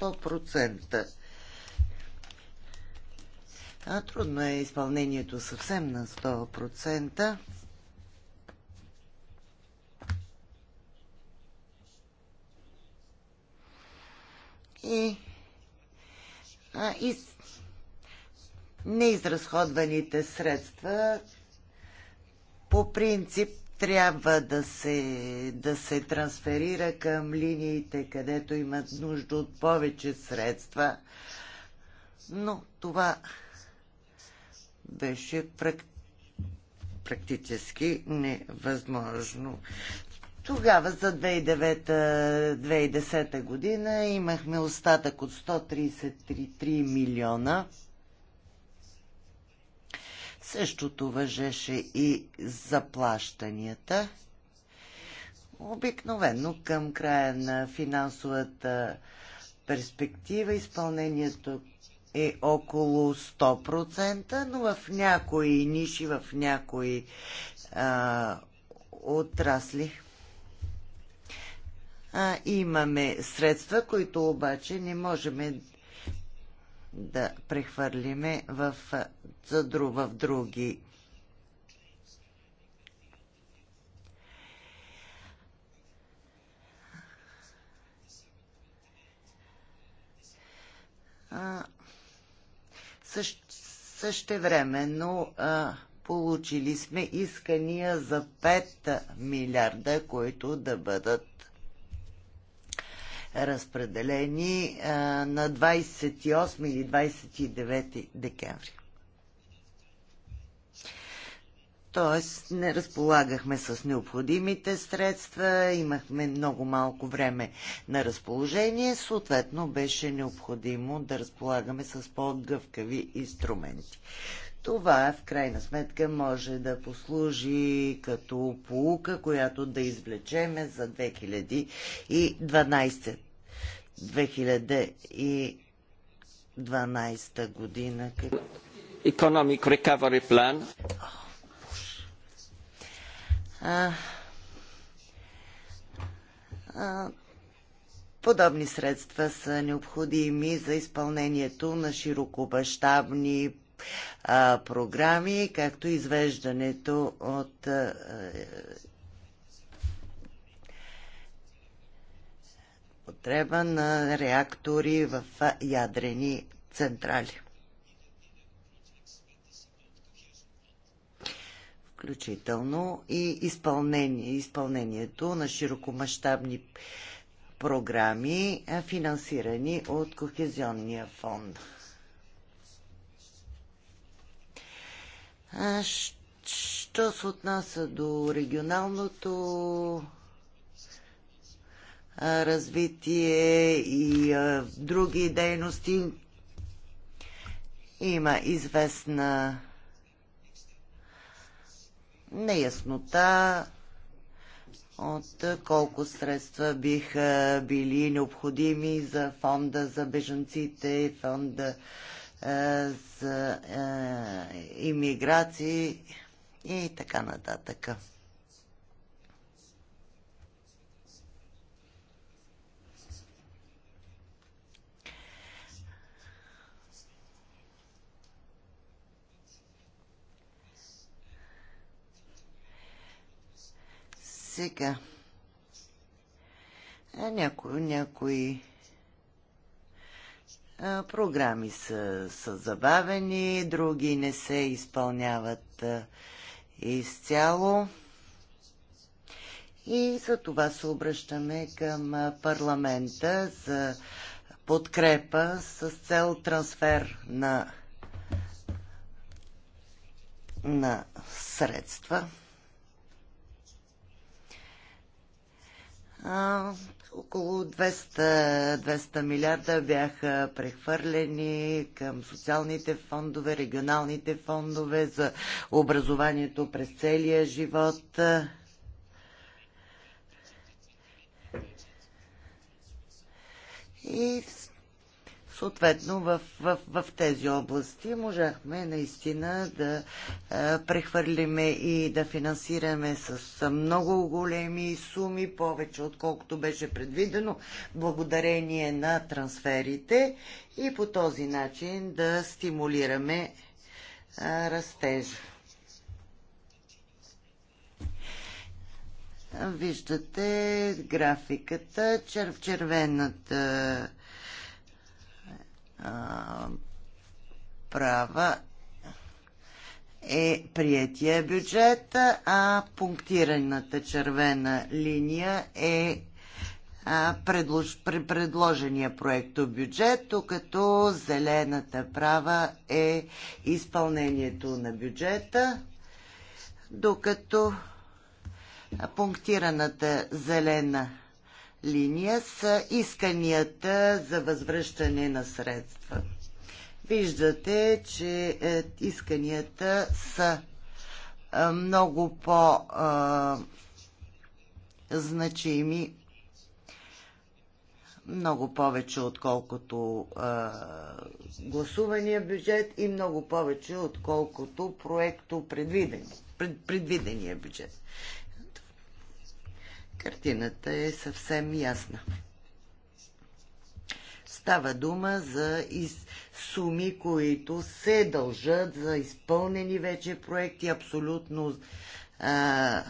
100%. А трудно е изпълнението съвсем на 100%. И, а, и неизразходваните средства по принцип трябва да се, да се трансферира към линиите, където имат нужда от повече средства. Но това беше практически практически невъзможно. Тогава за 2009-2010 година имахме остатък от 133 милиона Същото въжеше и заплащанията. Обикновено към края на финансовата перспектива изпълнението е около 100%, но в някои ниши, в някои а, отрасли а, имаме средства, които обаче не можем да прехвърлиме в, в други също, същевременно получили сме искания за 5 милиарда, които да бъдат разпределени на 28 или 29 декември. Тоест, не разполагахме с необходимите средства, имахме много малко време на разположение, съответно беше необходимо да разполагаме с по-гъвкави инструменти. Това в крайна сметка може да послужи като полука, която да извлечеме за 2012 2012 година. Economic Recovery Plan. А, а, подобни средства са необходими за изпълнението на широкобащабни програми, както извеждането от употреба на реактори в ядрени централи. Включително и изпълнение, изпълнението на широкомащабни програми, финансирани от Кохезионния фонд. Що се отнася до регионалното развитие и други дейности. Има известна неяснота от колко средства биха били необходими за фонда за бежанците, фонда за иммиграции и така нататък. Сега. А, някои програми са, са забавени, други не се изпълняват изцяло. И за това се обръщаме към парламента за подкрепа с цел трансфер на, на средства. А, около 200, 200 милиарда бяха прехвърлени към социалните фондове, регионалните фондове за образованието през целия живот. И Съответно, в, в, в тези области можахме наистина да а, прехвърлиме и да финансираме с много големи суми, повече отколкото беше предвидено, благодарение на трансферите и по този начин да стимулираме а, растежа. Виждате графиката, чер, червената права е приятия бюджет, а пунктираната червена линия е предложения проекто бюджет, докато зелената права е изпълнението на бюджета, докато пунктираната зелена линия са исканията за възвръщане на средства. Виждате, че е, исканията са е, много по-значими, е, много повече отколкото гласувания бюджет и много повече отколкото проекто предвидения бюджет. Картината е съвсем ясна. Става дума за из... суми, които се дължат за изпълнени вече проекти, абсолютно а...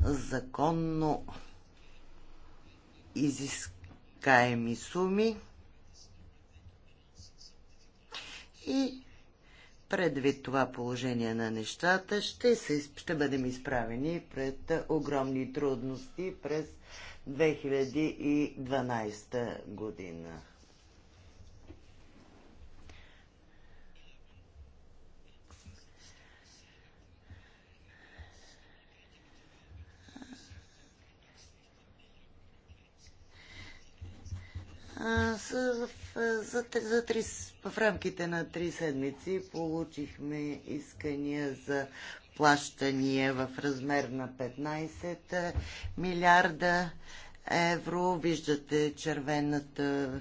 законно изискаеми суми. И предвид това положение на нещата, ще, се, ще бъдем изправени пред огромни трудности през 2012 година. за, за, за, за в рамките на три седмици получихме искания за плащания в размер на 15 милиарда евро. Виждате червената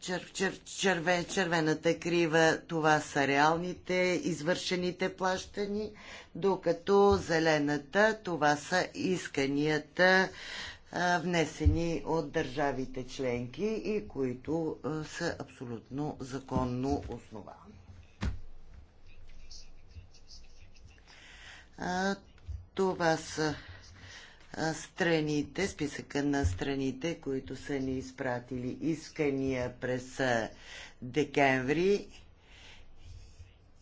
чер, чер, черве, червената крива, това са реалните, извършените плащани, докато зелената, това са исканията внесени от държавите членки и които са абсолютно законно основани. Това са страните, списъка на страните, които са ни изпратили искания през декември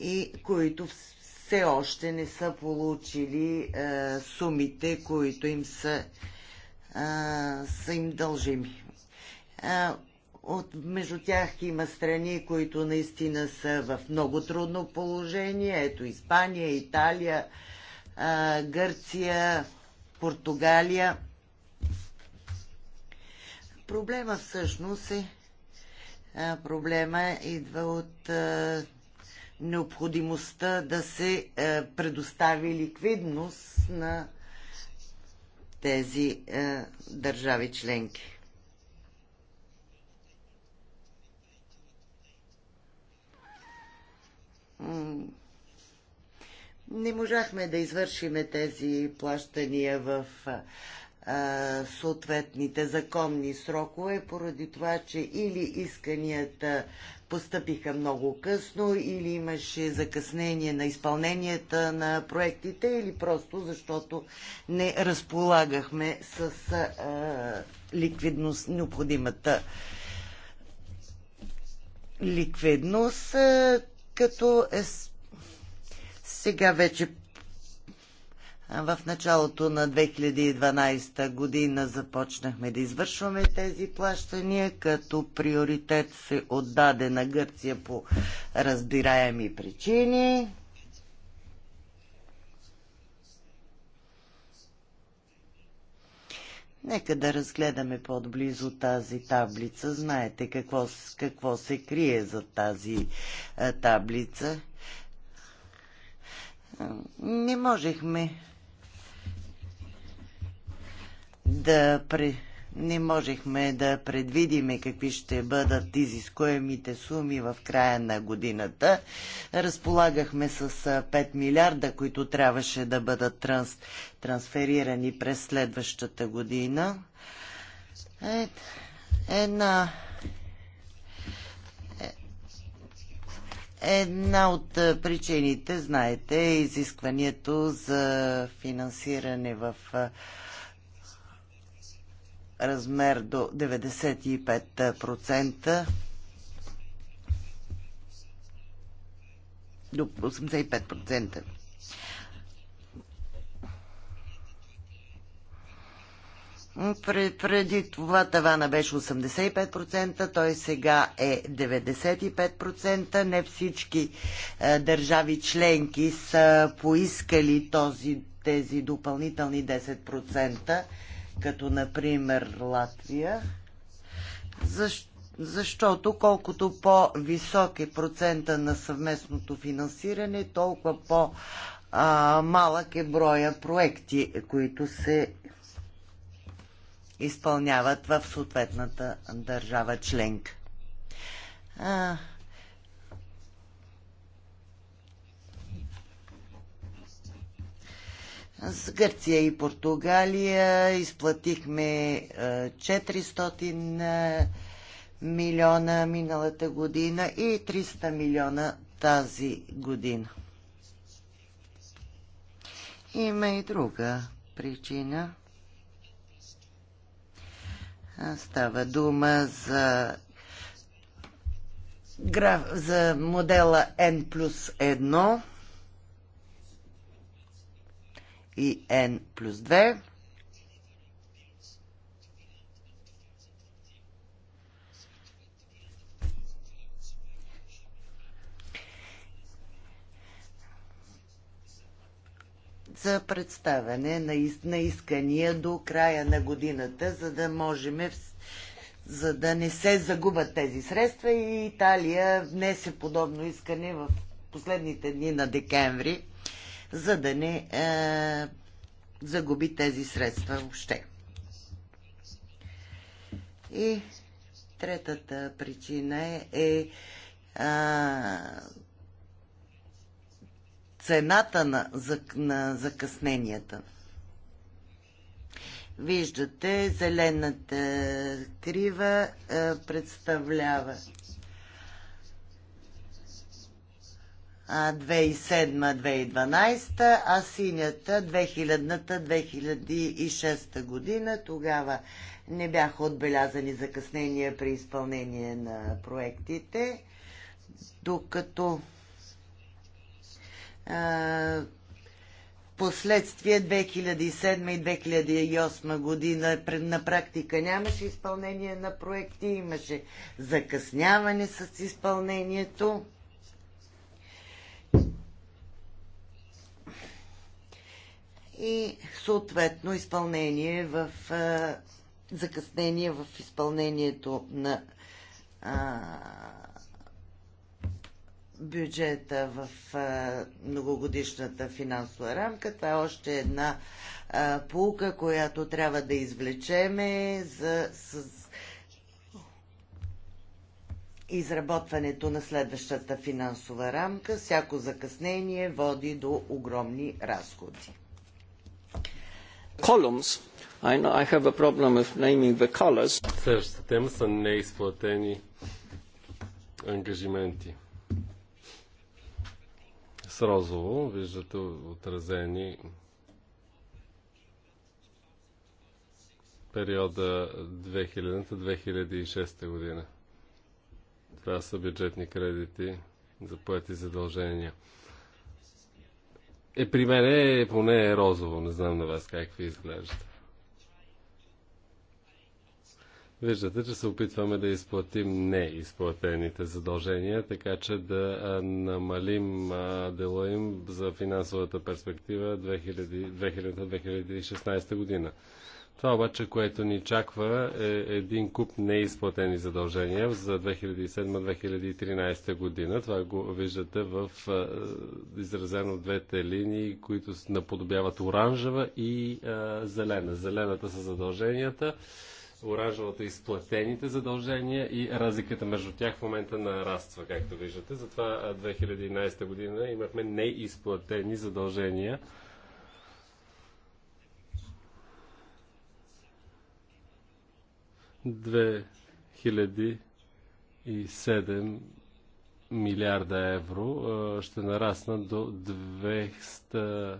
и които все още не са получили сумите, които им са а, са им дължими. А, от, между тях има страни, които наистина са в много трудно положение. Ето Испания, Италия, а, Гърция, Португалия. Проблема всъщност е а, проблема идва от а, необходимостта да се а, предостави ликвидност на тези е, държави членки. Не можахме да извършиме тези плащания в е, съответните законни срокове, поради това, че или исканията постъпиха много късно или имаше закъснение на изпълненията на проектите или просто защото не разполагахме с а, е, ликвидност, необходимата ликвидност, а, е, като е, сега вече в началото на 2012 година започнахме да извършваме тези плащания, като приоритет се отдаде на Гърция по разбираеми причини. Нека да разгледаме по-близо тази таблица. Знаете какво, какво се крие за тази а, е, таблица. Е, не можехме да пре... не можехме да предвидиме какви ще бъдат изискуемите суми в края на годината. Разполагахме с 5 милиарда, които трябваше да бъдат транс... трансферирани през следващата година. Е... Една Една от причините, знаете, е изискването за финансиране в размер до 95% до 85%. Преди това тавана беше 85%, той сега е 95%. Не всички е, държави членки са поискали този, тези допълнителни 10% като например Латвия, защ, защото колкото по-висок е процента на съвместното финансиране, толкова по-малък е броя проекти, които се изпълняват в съответната държава членка. С Гърция и Португалия изплатихме 400 милиона миналата година и 300 милиона тази година. Има и друга причина. Става дума за, граф, за модела N плюс 1 и N плюс 2. за представяне на, на искания до края на годината, за да можем, за да не се загубят тези средства. И Италия внесе подобно искане в последните дни на декември за да не е, загуби тези средства въобще. И третата причина е, е а, цената на, за, на закъсненията. Виждате, зелената крива а, е, представлява 2007-2012, а синята 2000-2006 година. Тогава не бяха отбелязани закъснения при изпълнение на проектите, докато а, последствие 2007 и 2008 година на практика нямаше изпълнение на проекти, имаше закъсняване с изпълнението. и съответно изпълнение в а, закъснение в изпълнението на а, бюджета в а, многогодишната финансова рамка. Това е още една а, пулка, която трябва да извлечеме за с, изработването на следващата финансова рамка. Всяко закъснение води до огромни разходи. Columns. I, know I have a problem with naming the colors. Следващата тема са неизплатени ангажименти. С розово виждате отразени периода 2000-2006 година. Това са бюджетни кредити за поети задължения е при мен е поне е розово. Не знам на вас как ви изглежда. Виждате, че се опитваме да изплатим неизплатените задължения, така че да намалим дела им за финансовата перспектива 2000-2016 година. Това обаче, което ни чаква е един куп неизплатени задължения за 2007-2013 година. Това го виждате в изразено двете линии, които наподобяват оранжева и а, зелена. Зелената са задълженията, оранжевата изплатените задължения и разликата между тях в момента нараства, както виждате. Затова 2011 година имахме неизплатени задължения 2007 милиарда евро ще нараснат до 200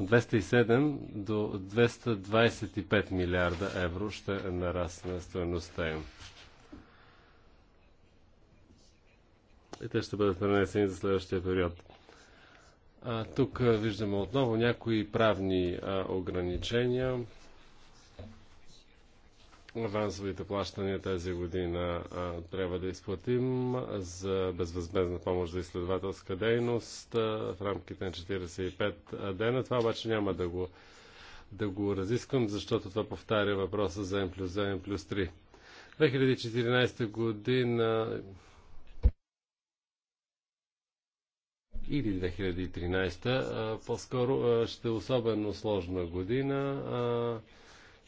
207 до 225 милиарда евро ще нарасне стоеността им. И те ще бъдат пренесени за следващия период. А, тук виждаме отново някои правни а, ограничения авансовите плащания тази година трябва да изплатим за безвъзмезна помощ за изследователска дейност в рамките на 45 дена. Това обаче няма да го, да го разисквам, защото това повтаря въпроса за N плюс 2, N плюс 3. 2014 година или 2013, по-скоро ще е особено сложна година. А,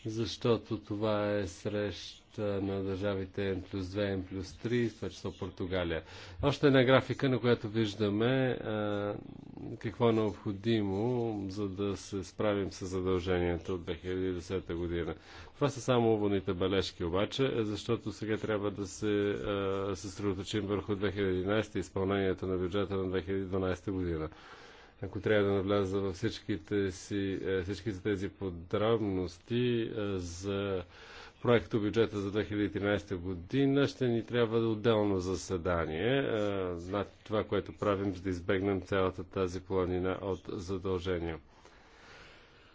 защото това е среща на държавите N плюс 2, N плюс 3, това число Португалия. Още една графика, на която виждаме а, какво е необходимо, за да се справим с задълженията от 2010 година. Това са само уводните бележки обаче, защото сега трябва да се съсредоточим върху 2011 изпълнението на бюджета на 2012 година ако трябва да навляза във всичките, си, е, всичките тези подробности е, за проекто бюджета за 2013 година, ще ни трябва да отделно заседание. Значи това, което правим, за да избегнем цялата тази планина от задължения.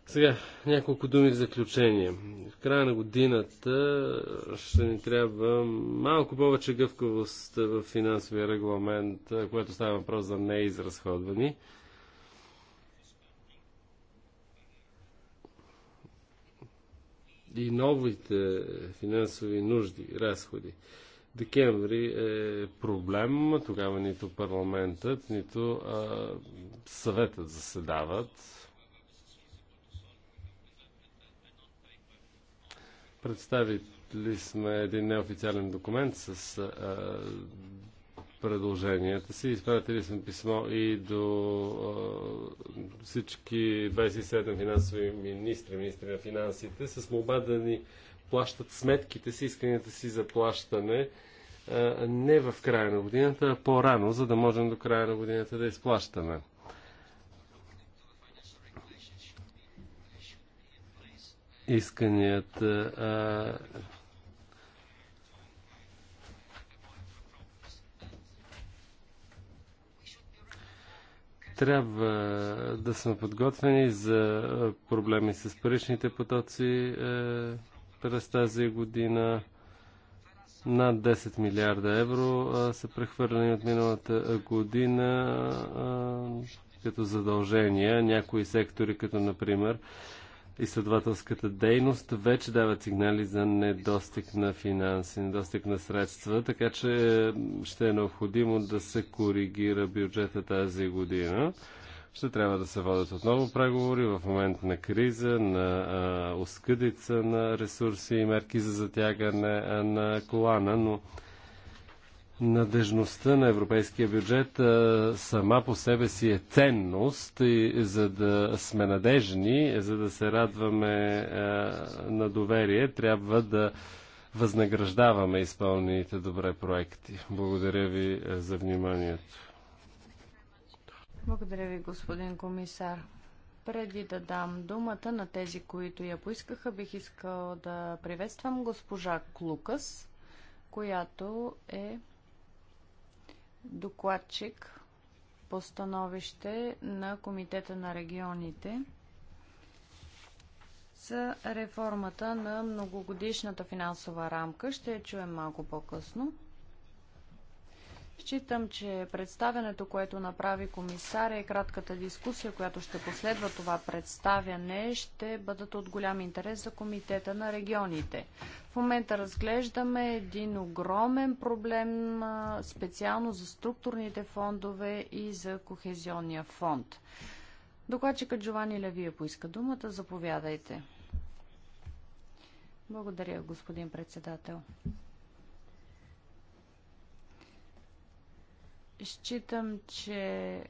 Сега, няколко думи в заключение. В края на годината ще ни трябва малко повече гъвкавост в финансовия регламент, което става въпрос за неизразходвани. и новите финансови нужди, разходи. Декември е проблем, тогава нито парламентът, нито а, съветът заседават. Представили сме един неофициален документ с а, предложенията си. Изпратили съм писмо и до а, всички 27 финансови министри, министри на финансите, с молба да ни плащат сметките си, исканията си за плащане а, не в края на годината, а по-рано, за да можем до края на годината да изплащаме. Исканията а, Трябва да сме подготвени за проблеми с паричните потоци е, през тази година. Над 10 милиарда евро е, са прехвърлени от миналата година е, като задължения. Някои сектори, като например изследователската дейност вече дават сигнали за недостиг на финанси, недостиг на средства, така че ще е необходимо да се коригира бюджета тази година. Ще трябва да се водят отново преговори в момент на криза, на а, оскъдица на ресурси и мерки за затягане на колана, но надежността на европейския бюджет сама по себе си е ценност и за да сме надежни, за да се радваме на доверие, трябва да възнаграждаваме изпълнените добре проекти. Благодаря ви за вниманието. Благодаря ви, господин комисар. Преди да дам думата на тези, които я поискаха, бих искал да приветствам госпожа Клукас, която е докладчик по становище на Комитета на регионите с реформата на многогодишната финансова рамка. Ще я чуем малко по-късно. Считам, че представянето, което направи комисаря и е кратката дискусия, която ще последва това представяне, ще бъдат от голям интерес за Комитета на регионите. В момента разглеждаме един огромен проблем специално за структурните фондове и за Кохезионния фонд. Докладчика Джовани Левия поиска думата. Заповядайте. Благодаря, господин председател. Считам, че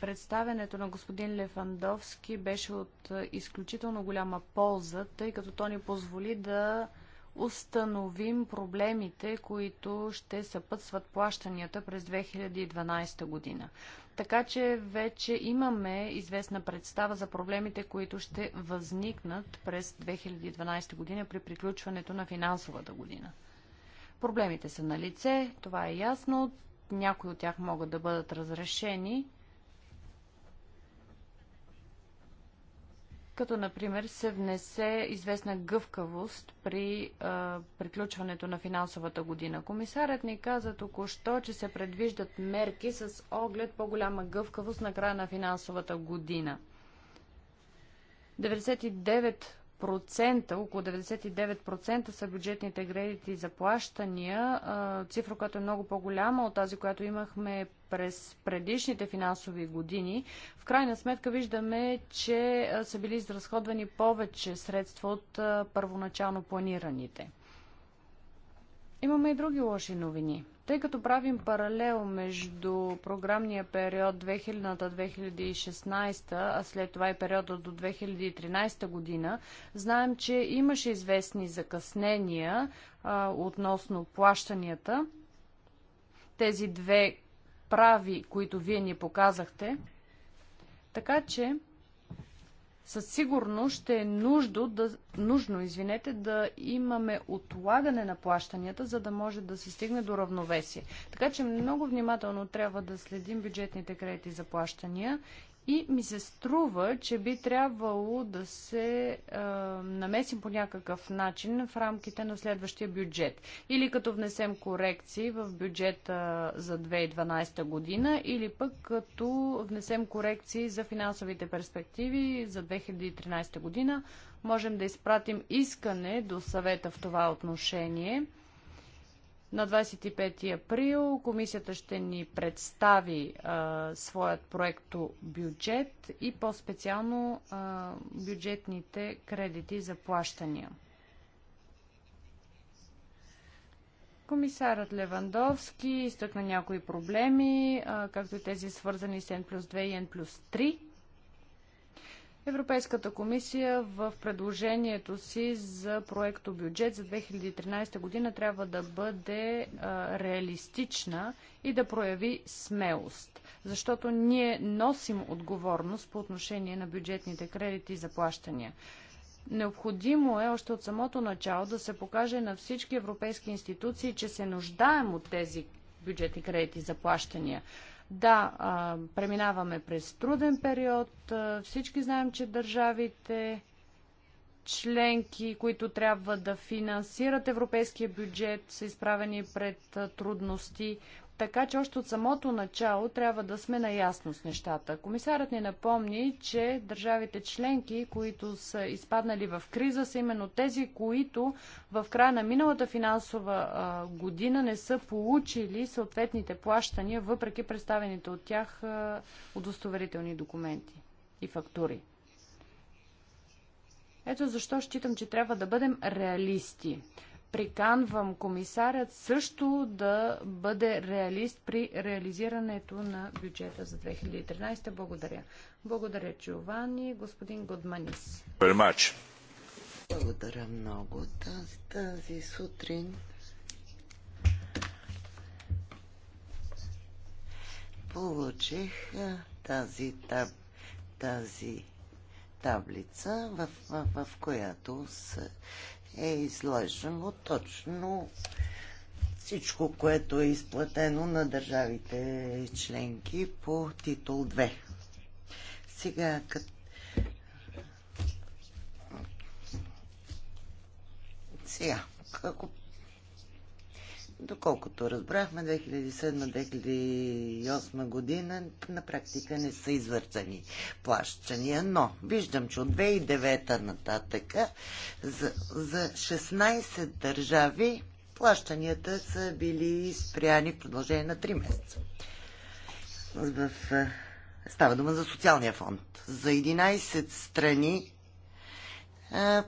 представенето на господин Лефандовски беше от изключително голяма полза, тъй като то ни позволи да установим проблемите, които ще съпътстват плащанията през 2012 година. Така че вече имаме известна представа за проблемите, които ще възникнат през 2012 година при приключването на финансовата година. Проблемите са на лице, това е ясно. Някои от тях могат да бъдат разрешени. като например се внесе известна гъвкавост при а, приключването на финансовата година. Комисарят ни каза току-що, че се предвиждат мерки с оглед по-голяма гъвкавост на края на финансовата година. 99 процента, около 99% са бюджетните кредити за плащания, цифра, която е много по-голяма от тази, която имахме през предишните финансови години. В крайна сметка виждаме, че са били изразходвани повече средства от първоначално планираните. Имаме и други лоши новини. Тъй като правим паралел между програмния период 2000-2016, а след това и периода до 2013 година, знаем, че имаше известни закъснения а, относно плащанията. Тези две прави, които вие ни показахте. Така че със сигурност ще е нужно, да, нужно извинете, да имаме отлагане на плащанията, за да може да се стигне до равновесие. Така че много внимателно трябва да следим бюджетните кредити за плащания и ми се струва, че би трябвало да се а, намесим по някакъв начин в рамките на следващия бюджет. Или като внесем корекции в бюджета за 2012 година, или пък като внесем корекции за финансовите перспективи за 2013 година, можем да изпратим искане до съвета в това отношение на 25 април комисията ще ни представи а, своят проекто бюджет и по-специално бюджетните кредити за плащания. Комисарът Левандовски изтъкна някои проблеми, а, както и тези свързани с N плюс 2 и N плюс 3. Европейската комисия в предложението си за проекто бюджет за 2013 година трябва да бъде а, реалистична и да прояви смелост, защото ние носим отговорност по отношение на бюджетните кредити и заплащания. Необходимо е още от самото начало да се покаже на всички европейски институции, че се нуждаем от тези бюджетни кредити и заплащания. Да, а, преминаваме през труден период. А, всички знаем, че държавите членки, които трябва да финансират европейския бюджет, са изправени пред трудности. Така че още от самото начало трябва да сме наясно с нещата. Комисарът ни напомни, че държавите членки, които са изпаднали в криза, са именно тези, които в края на миналата финансова година не са получили съответните плащания, въпреки представените от тях удостоверителни документи и фактури. Ето защо считам, че трябва да бъдем реалисти приканвам комисарят също да бъде реалист при реализирането на бюджета за 2013. Благодаря. Благодаря, Чувани. Господин Годманис. Благодаря много. Тази, тази сутрин получих тази, тази таблица, в, в, в която се е изложено точно всичко, което е изплатено на държавите членки по титул 2. Сега, като сега, ако доколкото разбрахме, 2007-2008 година на практика не са извърцани плащания, но виждам, че от 2009 нататък за, за 16 държави плащанията са били спряни в продължение на 3 месеца. В, е, става дума за социалния фонд. За 11 страни а, е,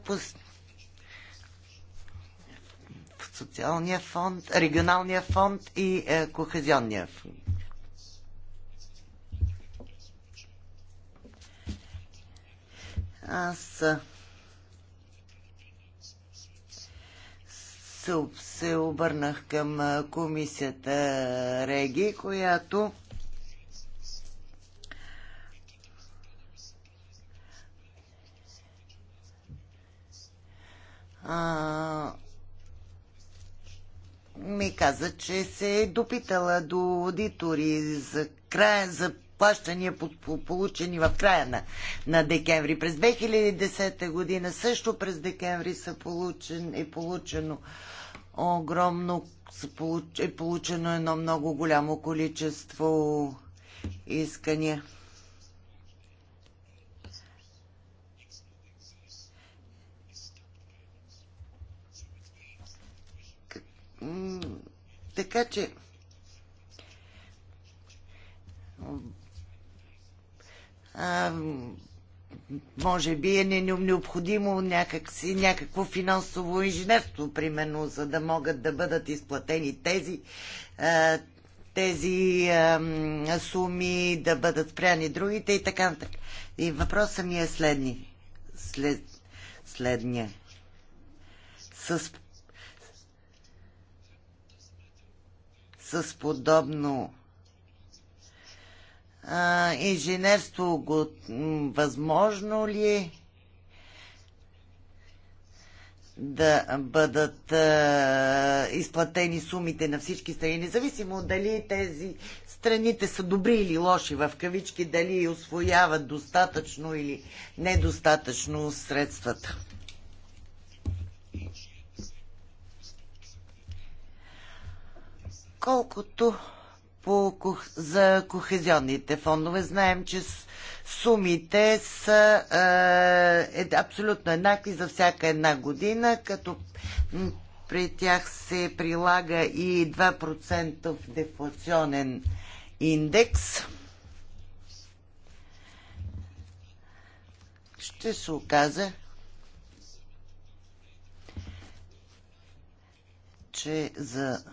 социалния фонд, регионалния фонд и е, кохезионния фонд. Аз се, се обърнах към комисията Реги, която а, ми каза, че се е допитала до аудитори за края, за плащания получени в края на, на декември. През 2010 година също през декември са получен, е получено огромно е получено едно много голямо количество искания. така че а, може би е необходимо някакси, някакво финансово инженерство, примерно, за да могат да бъдат изплатени тези, тези а, суми, да бъдат спряни другите и така нататък. И въпросът ми е следни, след, следния. С с подобно а, инженерство го, възможно ли е да бъдат а, изплатени сумите на всички страни, независимо дали тези страните са добри или лоши в кавички, дали освояват достатъчно или недостатъчно средствата. Колкото по, за кохезионните фондове. Знаем, че сумите са е, е, абсолютно еднакви за всяка една година, като при тях се прилага и 2% дефлационен индекс. Ще се окаже, че за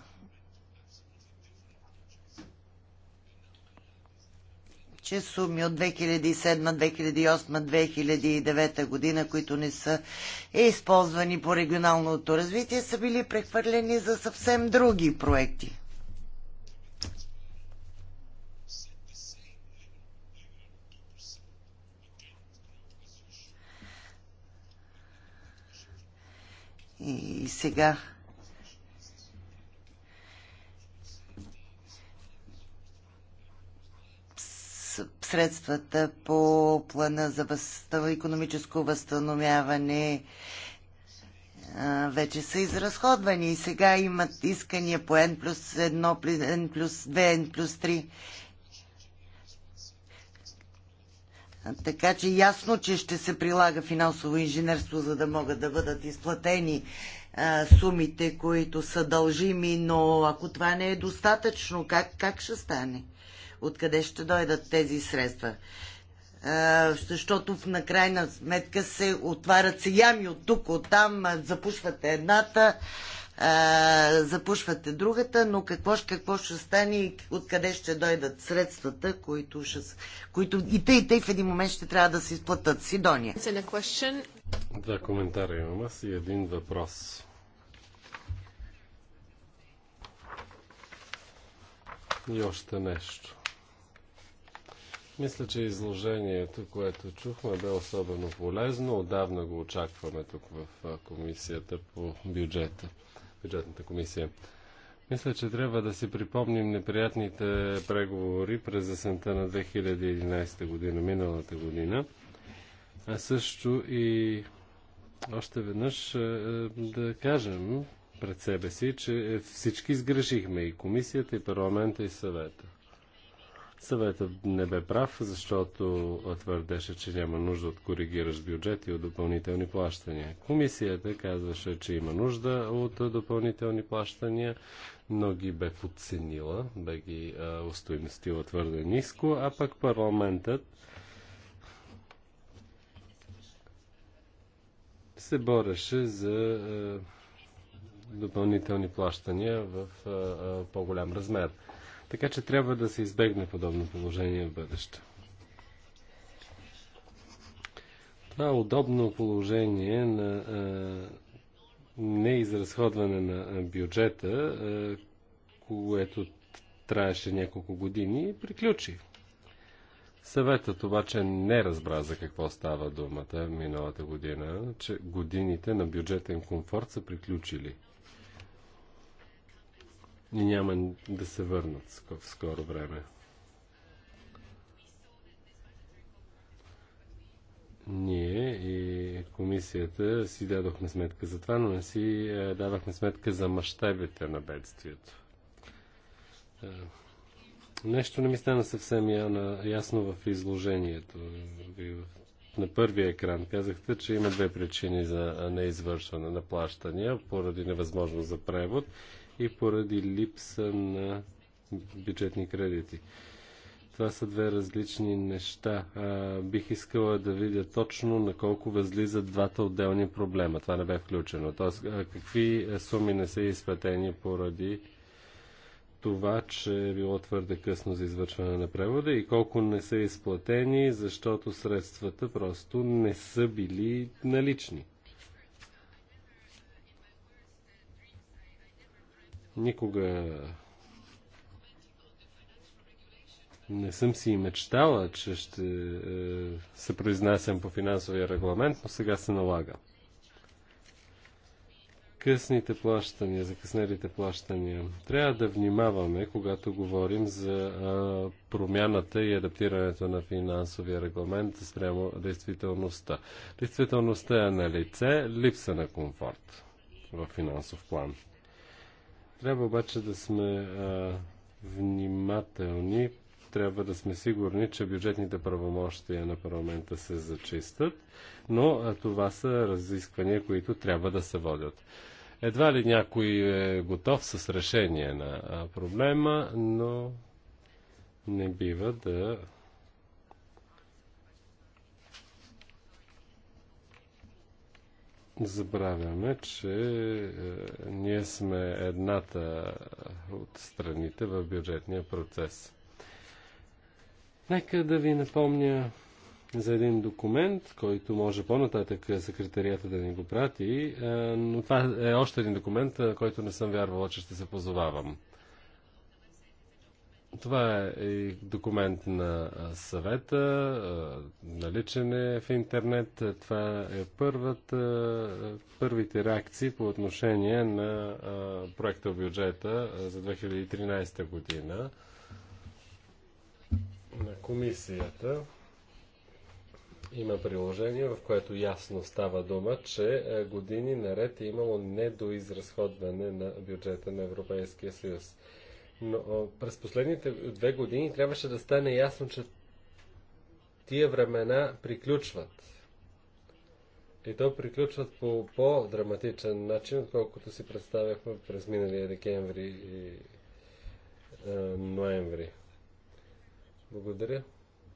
че суми от 2007, 2008, 2009 година, които не са е използвани по регионалното развитие, са били прехвърлени за съвсем други проекти. И сега средствата по плана за възстъл, економическо възстановяване вече са изразходвани и сега имат искания по N плюс 1, N плюс 2, N плюс 3. Така че ясно, че ще се прилага финансово инженерство, за да могат да бъдат изплатени сумите, които са дължими, но ако това не е достатъчно, как, как ще стане? откъде ще дойдат тези средства. А, защото в накрайна сметка се отварят се ями от тук, от там, запушвате едната, а, запушвате другата, но какво, какво ще стане и откъде ще дойдат средствата, които, ще, които и те, и тъй в един момент ще трябва да се изплатат. Сидония. Два коментара имам аз и един въпрос. И още нещо. Мисля, че изложението, което чухме, бе особено полезно. Отдавна го очакваме тук в комисията по бюджета, бюджетната комисия. Мисля, че трябва да си припомним неприятните преговори през есента на 2011 година, миналата година, а също и още веднъж да кажем пред себе си, че всички сгрешихме и комисията, и парламента, и съвета. Съветът не бе прав, защото твърдеше, че няма нужда от коригиращ бюджет и от допълнителни плащания. Комисията казваше, че има нужда от допълнителни плащания, но ги бе подценила, бе ги устойностила твърде ниско, а пък парламентът се бореше за допълнителни плащания в по-голям размер. Така че трябва да се избегне подобно положение в бъдеще. Това удобно положение на а, неизразходване на бюджета, а, което траеше няколко години, приключи. Съветът обаче не разбра за какво става думата миналата година, че годините на бюджетен комфорт са приключили и няма да се върнат в скоро време. Ние и комисията си дадохме сметка за това, но не си е, дадохме сметка за мащабите на бедствието. Е, нещо не ми стана съвсем ясно в изложението. На първия екран казахте, че има две причини за неизвършване на плащания поради невъзможност за превод и поради липса на бюджетни кредити. Това са две различни неща. А, бих искала да видя точно на колко възлизат двата отделни проблема. Това не бе включено. Тоест, какви суми не са изплатени поради това, че е било твърде късно за извършване на превода и колко не са изплатени, защото средствата просто не са били налични. Никога не съм си и мечтала, че ще е, се произнасям по финансовия регламент, но сега се налага. Късните плащания, закъснелите плащания. Трябва да внимаваме, когато говорим за е, промяната и адаптирането на финансовия регламент спрямо действителността. Действителността е на лице, липса на комфорт в финансов план. Трябва обаче да сме а, внимателни, трябва да сме сигурни, че бюджетните правомощия на парламента се зачистят, но а, това са разисквания, които трябва да се водят. Едва ли някой е готов с решение на проблема, но не бива да забравяме, че е, ние сме едната от страните в бюджетния процес. Нека да ви напомня за един документ, който може по-нататък секретарията да ни го прати, е, но това е още един документ, е, който не съм вярвала, че ще се позовавам. Това е и документ на съвета, наличен е в интернет. Това е първата, първите реакции по отношение на проекта бюджета за 2013 година на комисията. Има приложение, в което ясно става дума, че години наред е имало недоизразходване на бюджета на Европейския съюз. Но през последните две години трябваше да стане ясно, че тия времена приключват. И то приключват по по-драматичен начин, отколкото си представяхме през миналия декември и е, ноември. Благодаря,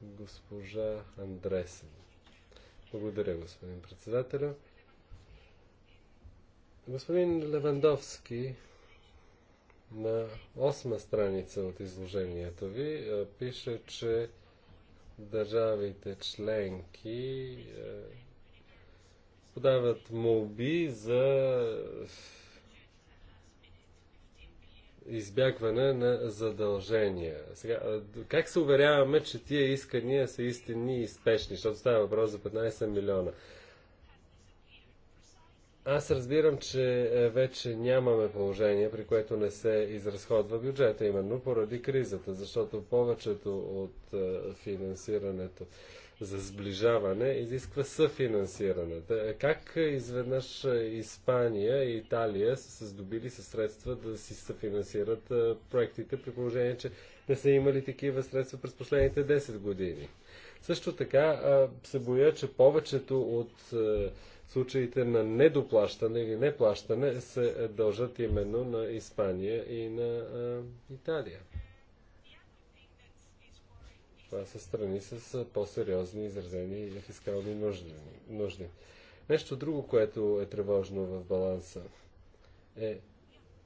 госпожа Андресен. Благодаря, господин председателя. Господин Левандовски на осма страница от изложението ви пише, че държавите членки подават молби за избягване на задължения. Сега, как се уверяваме, че тия искания са истинни и спешни, защото става въпрос за 15 милиона? Аз разбирам, че е, вече нямаме положение, при което не се изразходва бюджета, именно поради кризата, защото повечето от е, финансирането за сближаване изисква съфинансиране. Е, как изведнъж Испания и Италия са се здобили със средства да си съфинансират проектите, при положение, че не са имали такива средства през последните 10 години? Също така се боя, че повечето от случаите на недоплащане или неплащане се дължат именно на Испания и на а, Италия. Това са страни с по-сериозни изразени фискални нужди. нужди. Нещо друго, което е тревожно в баланса е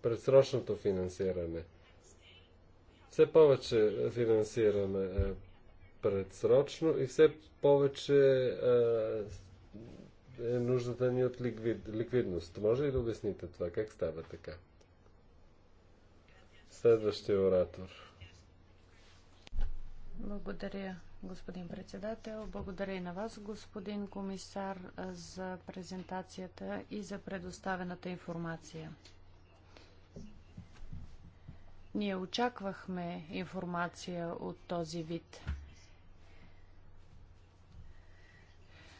предсрочното финансиране. Все повече финансираме е, предсрочно и все повече е нуждата ни от ликвид, ликвидност. Може ли да обясните това? Как става така? Следващия оратор. Благодаря, господин председател. Благодаря и на вас, господин комисар, за презентацията и за предоставената информация. Ние очаквахме информация от този вид.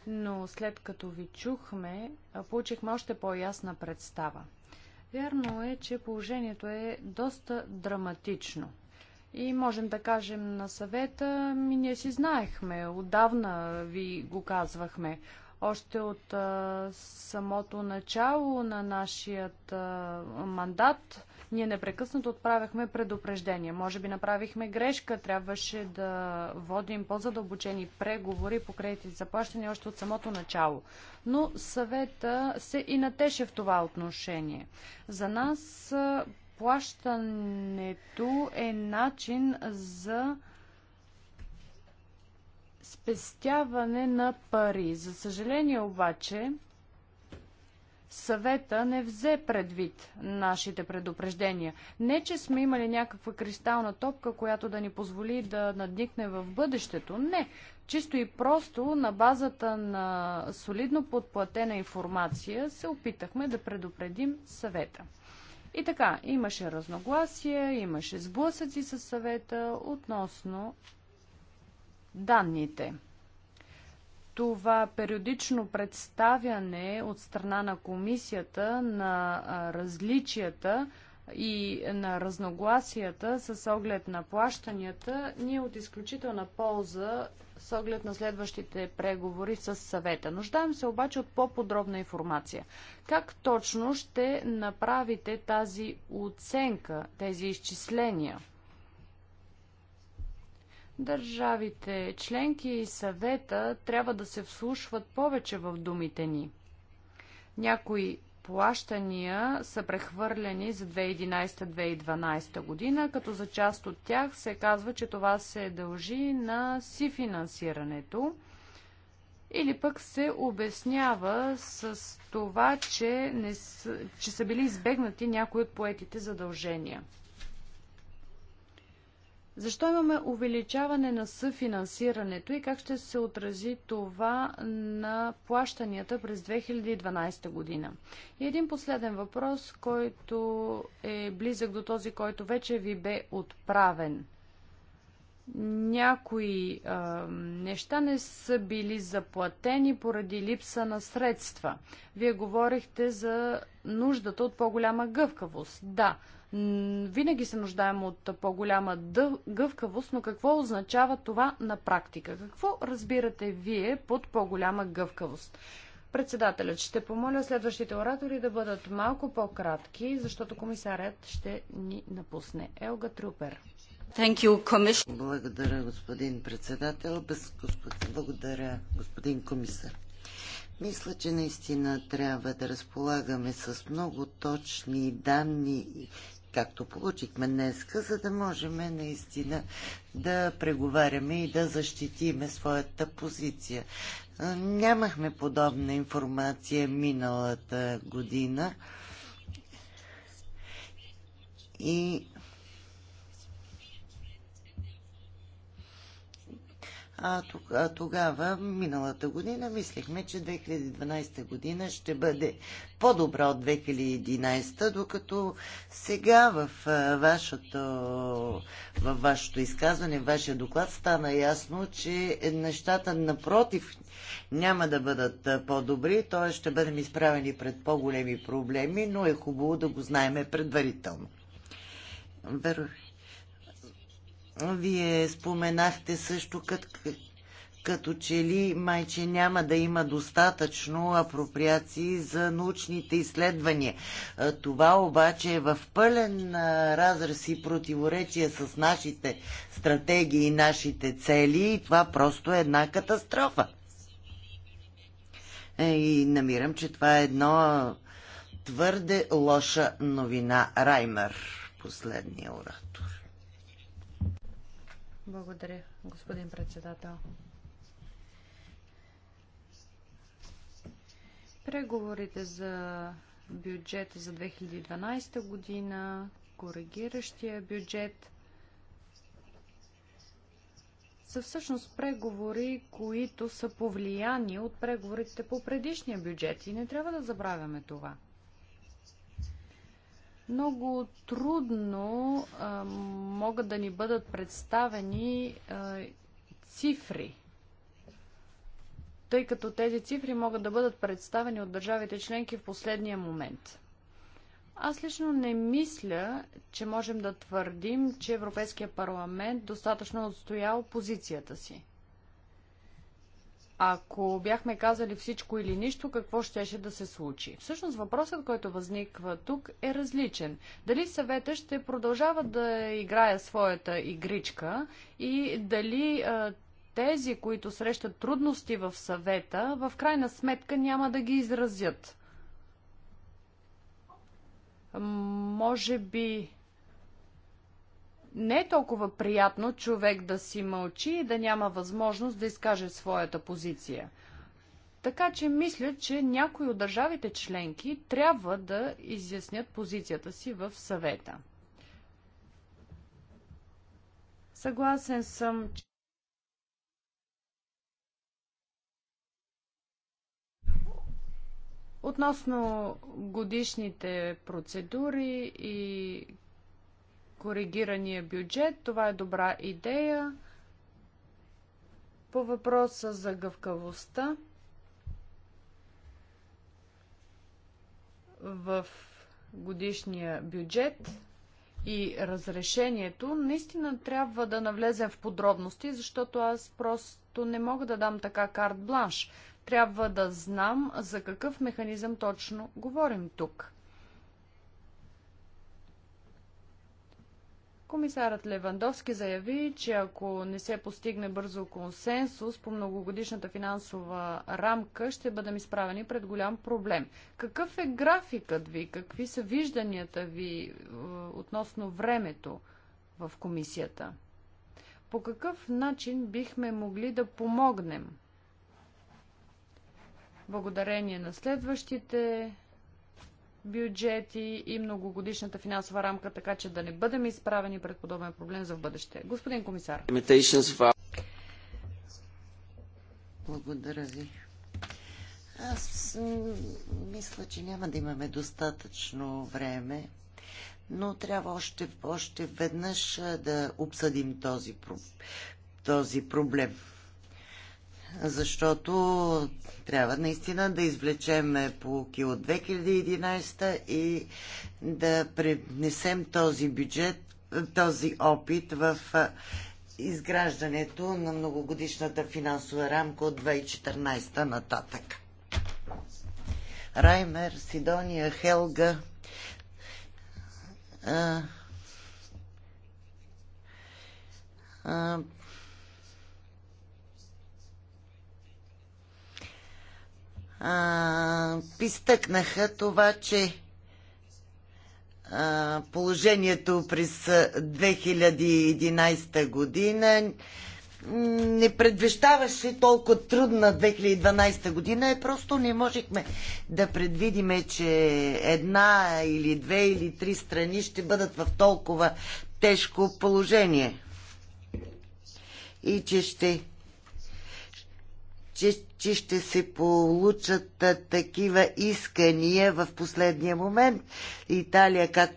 но след като ви чухме, получихме още по-ясна представа. Вярно е, че положението е доста драматично. И можем да кажем на съвета, ми ние си знаехме, отдавна ви го казвахме. Още от а, самото начало на нашият а, мандат ние непрекъснато отправяхме предупреждения. Може би направихме грешка, трябваше да водим по-задълбочени преговори по кредити за плащане още от самото начало. Но съвета се и натеше в това отношение. За нас плащането е начин за спестяване на пари. За съжаление обаче, съвета не взе предвид нашите предупреждения. Не, че сме имали някаква кристална топка, която да ни позволи да надникне в бъдещето. Не. Чисто и просто на базата на солидно подплатена информация се опитахме да предупредим съвета. И така, имаше разногласия, имаше сблъсъци с съвета относно данните това периодично представяне от страна на комисията на различията и на разногласията с оглед на плащанията ни е от изключителна полза с оглед на следващите преговори с съвета. Нуждаем се обаче от по-подробна информация. Как точно ще направите тази оценка, тези изчисления? Държавите, членки и съвета трябва да се вслушват повече в думите ни. Някои плащания са прехвърлени за 2011-2012 година, като за част от тях се казва, че това се дължи на си финансирането или пък се обяснява с това, че, не че са били избегнати някои от поетите задължения. Защо имаме увеличаване на съфинансирането и как ще се отрази това на плащанията през 2012 година? И един последен въпрос, който е близък до този, който вече ви бе отправен. Някои а, е, неща не са били заплатени поради липса на средства. Вие говорихте за нуждата от по-голяма гъвкавост. Да, винаги се нуждаем от по-голяма гъвкавост, но какво означава това на практика? Какво разбирате вие под по-голяма гъвкавост? Председателят ще помоля следващите оратори да бъдат малко по-кратки, защото комисарят ще ни напусне. Елга Трюпер. You, Благодаря, господин председател. Благодаря, господин комисар. Мисля, че наистина трябва да разполагаме с много точни данни както получихме днеска, за да можем наистина да преговаряме и да защитиме своята позиция. Нямахме подобна информация миналата година и А тогава, миналата година, мислихме, че 2012 година ще бъде по-добра от 2011, докато сега в вашето, в вашето изказване, в вашия доклад стана ясно, че нещата напротив няма да бъдат по-добри, т.е. ще бъдем изправени пред по-големи проблеми, но е хубаво да го знаеме предварително. Вероятно вие споменахте също като, като че ли майче няма да има достатъчно апроприации за научните изследвания. Това обаче е в пълен разрез и противоречие с нашите стратегии и нашите цели и това просто е една катастрофа. Е, и намирам, че това е едно твърде лоша новина. Раймер, последния оратор. Благодаря, господин председател. Преговорите за бюджета за 2012 година, коригиращия бюджет, са всъщност преговори, които са повлияни от преговорите по предишния бюджет и не трябва да забравяме това – много трудно а, могат да ни бъдат представени а, цифри, тъй като тези цифри могат да бъдат представени от държавите членки в последния момент. Аз лично не мисля, че можем да твърдим, че Европейския парламент достатъчно отстоял позицията си. Ако бяхме казали всичко или нищо, какво щеше да се случи? Всъщност въпросът, който възниква тук е различен. Дали съвета ще продължава да играе своята игричка и дали тези, които срещат трудности в съвета, в крайна сметка няма да ги изразят. Може би не е толкова приятно човек да си мълчи и да няма възможност да изкаже своята позиция. Така че мисля, че някои от държавите членки трябва да изяснят позицията си в съвета. Съгласен съм, че Относно годишните процедури и коригирания бюджет. Това е добра идея. По въпроса за гъвкавостта. В годишния бюджет и разрешението, наистина трябва да навлезем в подробности, защото аз просто не мога да дам така карт бланш. Трябва да знам за какъв механизъм точно говорим тук. Комисарът Левандовски заяви, че ако не се постигне бързо консенсус по многогодишната финансова рамка, ще бъдем изправени пред голям проблем. Какъв е графикът ви? Какви са вижданията ви е, относно времето в комисията? По какъв начин бихме могли да помогнем? Благодарение на следващите бюджети и многогодишната финансова рамка, така че да не бъдем изправени пред подобен проблем за в бъдеще. Господин комисар. Благодаря ви. Аз мисля, че няма да имаме достатъчно време, но трябва още, още веднъж да обсъдим този, този проблем защото трябва наистина да извлечем полуки от 2011 и да пренесем този бюджет, този опит в изграждането на многогодишната финансова рамка от 2014 нататък. Раймер, Сидония, Хелга. А, а, а, това, че а, положението през 2011 година не предвещаваше толкова трудна 2012 година е просто не можехме да предвидиме, че една или две или три страни ще бъдат в толкова тежко положение. И че ще, че, че ще се получат такива искания в последния момент. Италия, как,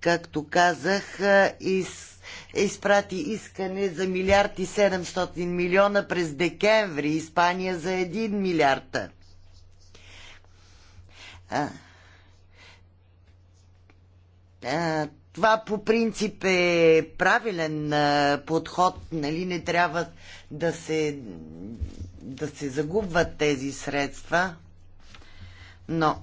както казах, из, изпрати искане за милиард и 700 милиона през декември, Испания за 1 милиарда. това по принцип е правилен а, подход, нали? Не трябва да се да се загубват тези средства, но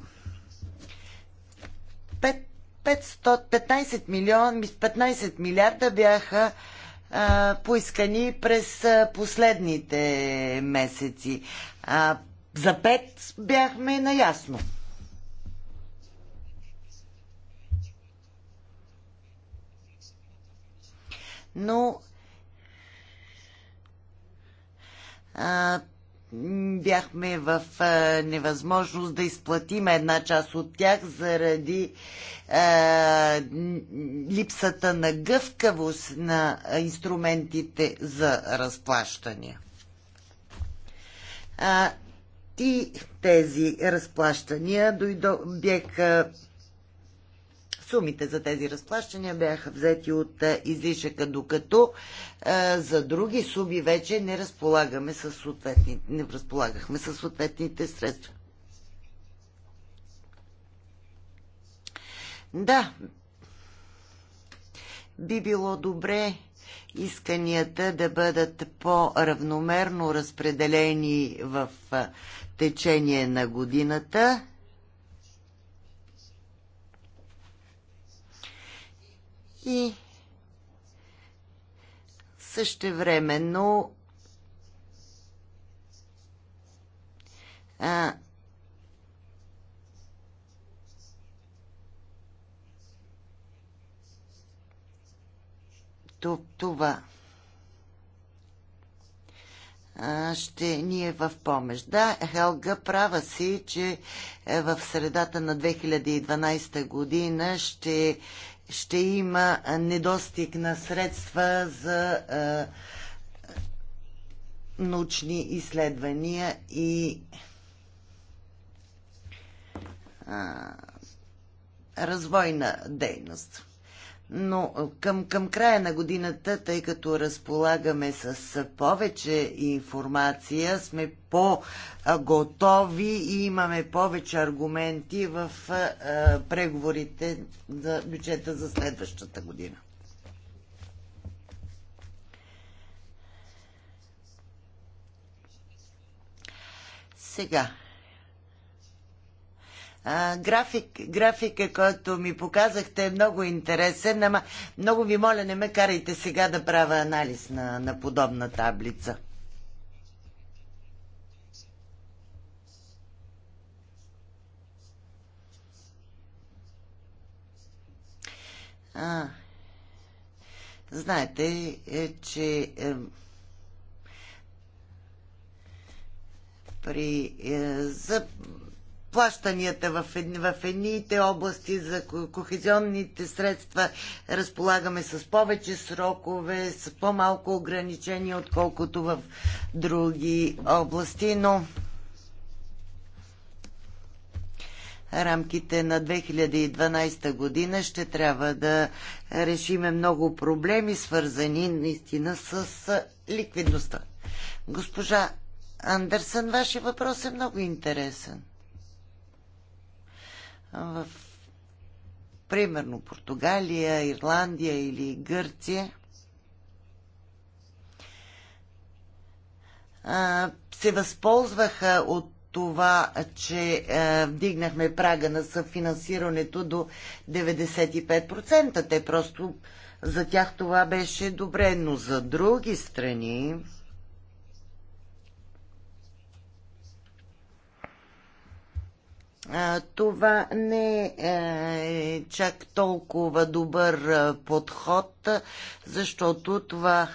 15, милион, 15 милиарда бяха а, поискани през последните месеци. А, за 5 бяхме наясно. Но а, бяхме в невъзможност да изплатим една част от тях заради а, липсата на гъвкавост на инструментите за разплащания. А, и тези разплащания дойдо, бяха сумите за тези разплащания бяха взети от излишъка, докато за други суми вече не, разполагаме с съответните, не разполагахме с съответните средства. Да, би било добре исканията да бъдат по-равномерно разпределени в течение на годината и същевременно а, това ще ни е в помощ. Да, Хелга права си, че е, в средата на 2012 година ще ще има недостиг на средства за а, научни изследвания и а, развойна дейност но към, към края на годината, тъй като разполагаме с повече информация, сме по-готови и имаме повече аргументи в преговорите за бюджета за следващата година. Сега, а, график, графика, който ми показахте е много интересен, ама много ви моля, не ме карайте сега да правя анализ на, на подобна таблица. А, знаете, е, че е, при, е, за плащанията в, едните области за кохезионните средства разполагаме с повече срокове, с по-малко ограничения, отколкото в други области, но рамките на 2012 година ще трябва да решиме много проблеми, свързани наистина с ликвидността. Госпожа Андерсън, вашия въпрос е много интересен в примерно Португалия, Ирландия или Гърция, се възползваха от това, че вдигнахме прага на съфинансирането до 95%. Те просто за тях това беше добре, но за други страни това не е, е чак толкова добър е, подход, защото това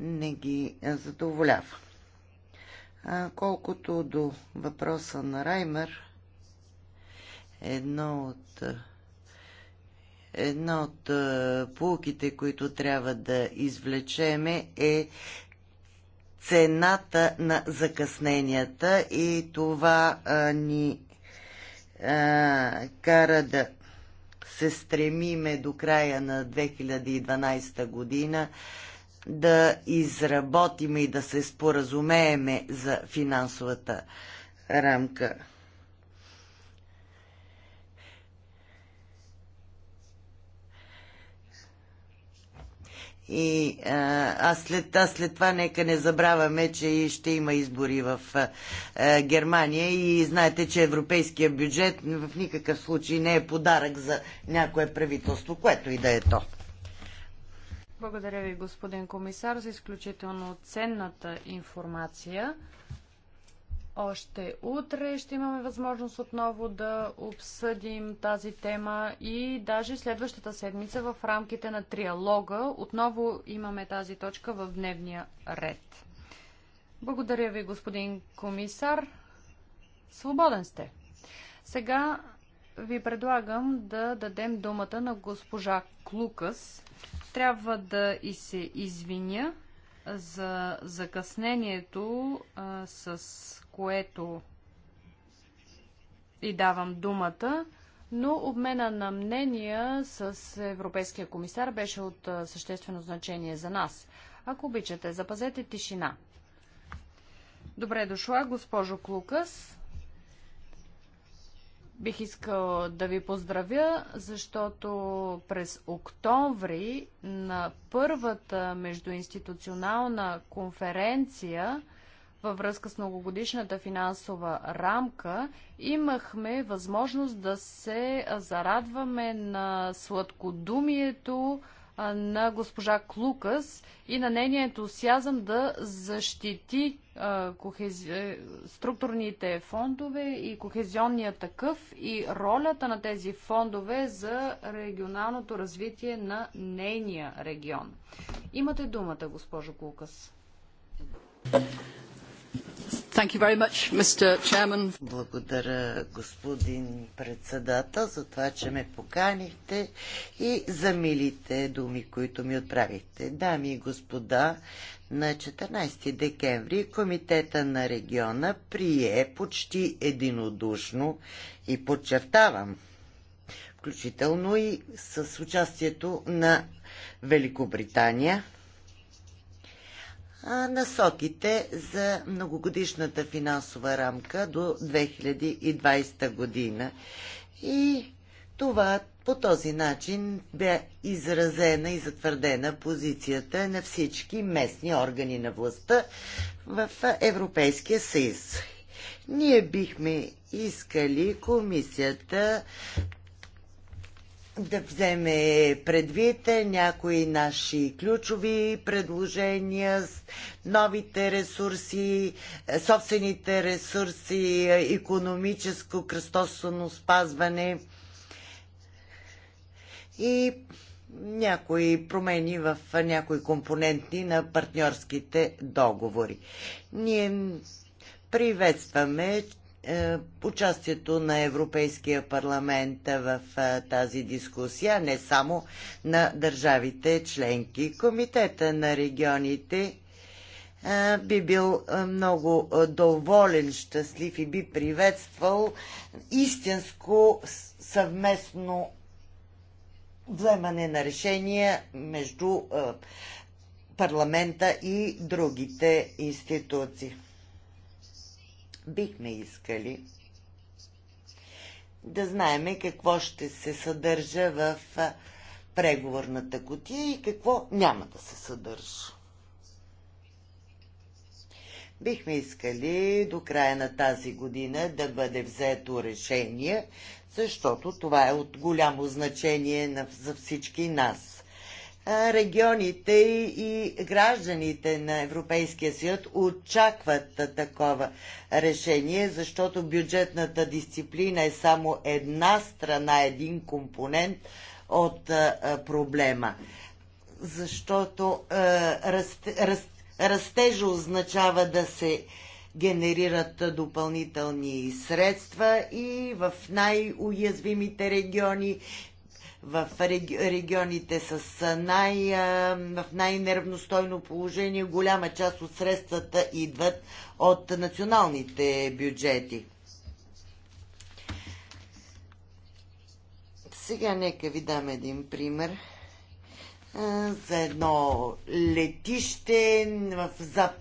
не ги задоволява. колкото до въпроса на Раймер, едно от е, Една от е, полуките, които трябва да извлечеме е цената на закъсненията и това а, е, ни а, е, кара да се стремиме до края на 2012 година да изработиме и да се споразумееме за финансовата рамка. И а, а, след, а след това нека не забравяме, че ще има избори в а, Германия и знаете, че европейския бюджет в никакъв случай не е подарък за някое правителство, което и да е то. Благодаря ви, господин комисар, за изключително ценната информация. Още утре ще имаме възможност отново да обсъдим тази тема и даже следващата седмица в рамките на триалога отново имаме тази точка в дневния ред. Благодаря ви, господин комисар. Свободен сте. Сега ви предлагам да дадем думата на госпожа Клукас. Трябва да и се извиня за закъснението, а, с което и давам думата, но обмена на мнения с Европейския комисар беше от съществено значение за нас. Ако обичате, запазете тишина. Добре дошла, госпожо Клукас. Бих искал да ви поздравя, защото през октомври на първата междуинституционална конференция във връзка с многогодишната финансова рамка имахме възможност да се зарадваме на сладкодумието, на госпожа Клукас и на нейния ентусиазъм да защити кохези... Е, структурните фондове и кохезионния такъв и ролята на тези фондове за регионалното развитие на нейния регион. Имате думата, госпожо Клукас. Much, Благодаря, господин председател, за това, че ме поканихте и за милите думи, които ми отправихте. Дами и господа, на 14 декември Комитета на региона прие почти единодушно и подчертавам, включително и с участието на Великобритания – насоките за многогодишната финансова рамка до 2020 година. И това по този начин бе изразена и затвърдена позицията на всички местни органи на властта в Европейския съюз. Ние бихме искали комисията да вземе предвид някои наши ключови предложения, новите ресурси, е, собствените ресурси, економическо кръстосано спазване и някои промени в някои компоненти на партньорските договори. Ние приветстваме е, участието на Европейския парламент в е, тази дискусия, не само на държавите членки. Комитета на регионите е, би бил много доволен, щастлив и би приветствал истинско съвместно вземане на решения между парламента и другите институции бихме искали да знаеме какво ще се съдържа в преговорната котия и какво няма да се съдържа. Бихме искали до края на тази година да бъде взето решение, защото това е от голямо значение за всички нас регионите и гражданите на Европейския съюз очакват такова решение, защото бюджетната дисциплина е само една страна, един компонент от проблема. Защото растежа означава да се генерират допълнителни средства и в най-уязвимите региони в регионите с най, в най-нервностойно положение. Голяма част от средствата идват от националните бюджети. Сега нека ви дам един пример за едно летище в зап...